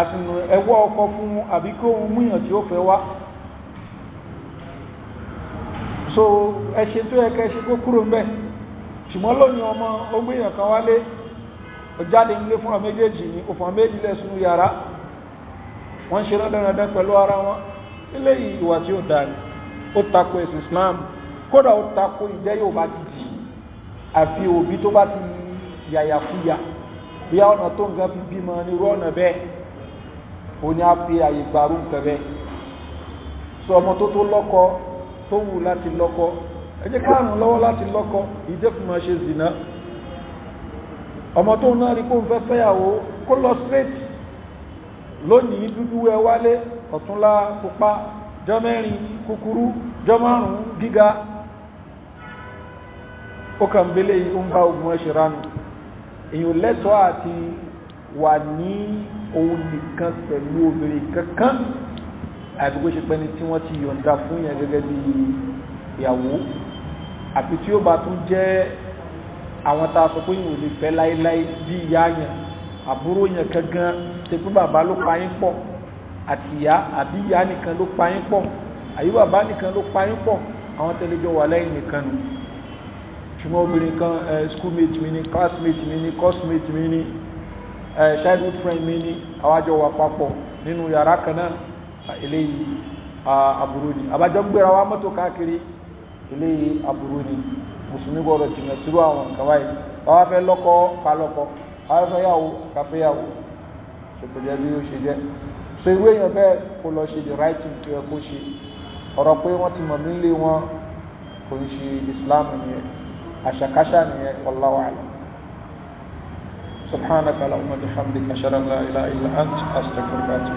àtìnú ẹwọ́ ọkọ fún àbí kí òun múyàn tí ó fẹ́ wá so ẹṣe tó yẹ kẹ́ ṣe kó kúrò ń bẹ̀ ṣùgbọ́n lónìí ọmọ ogbéyàn kan wálé ọjáde nílé fún ọmọ méjèèjì ní òfò méjì lẹ́sùn yàrá wọ́n ṣe rọ́dẹ̀rọ̀dẹ̀ pẹ̀lú ara wọn ilé ìwà tí ó dáa ni ó tako ẹ̀sìn Islam kódà ó tako ìjẹ́ yóò bá ti àfi òbí tó bá ti yàyàkúyà bóyá ọ̀nà tó nǹkan fi bímọ nírú ọ̀nà bẹ́ẹ̀ ó ní á fi àyè gbàrú nǹkan bẹ́ẹ̀ sọ ọmọ tó tó lọ́kọ tó wù láti lọ́kọ ẹ jẹ́ káàrùn lọ́wọ́ láti lọ́kọ ìdẹ́kùnmọ̀ ṣe zìnà ọmọ tó náà rí kó ń fẹ́ fẹ́yàwó kó lọ straight lónìí dúdú ẹ wálé ọ̀túnlá pupa jọ mẹ́rin kúkúrú jọ márùn-ún gíga ó kàn bẹ́lẹ̀ yìí ń bá ogun ẹ̀ṣẹ̀ ránù èyàn lẹ́tọ́ àti wà ní òun nìkan pẹ̀lú obìnrin kankan àdúgbò ṣe pẹ́ni tí wọ́n ti yọ̀ǹda fún yẹn gẹ́gẹ́ bí ìyàwó àti tí ó bá tún jẹ́ àwọn tá a sọ pé yìí ò lè fẹ́ láéláé bí ìyá yẹn àbúrò yẹn kankan ṣe pé bàbá ló pa yín pọ̀ àti ìyá àbí ìyá nìkan ló pa yín pọ̀ àyíwàbá nìkan ló pa yín pọ̀ àwọn tẹ́lẹ̀ wà lẹ́yìn nìkan nù ṣùgbọ́n obìnrin kan schoolmate mi ni classmate mi ni coursemate mi ni childhood friend mi ni àwájọ wà papọ̀ nínú yàrá kan náà eléyìí aburú ni àbájọ ń gbéra wa mọ́tò káàkiri eléyìí aburú ni mùsùlùmí gbọ́dọ̀ jìnnà sírú àwọn nǹkan báyìí báwa fẹ́ lọ́kọ palọ́kọ báwa fẹ́ yàwó káfẹ́yàwó ṣèpèjẹ bí ó ṣe jẹ́ so irú èèyàn bẹ́ẹ̀ kó lọ ṣe the right thing tó yẹ kó ṣe ọ̀rọ̀ pé wọ́n ti mọ̀ mí wọn kò ń ṣe Islam nìyẹn. عشق عشان هيك والله أعلم سبحانك اللهم بحمدك أشهد أن لا إله إلا أنت أستغفرك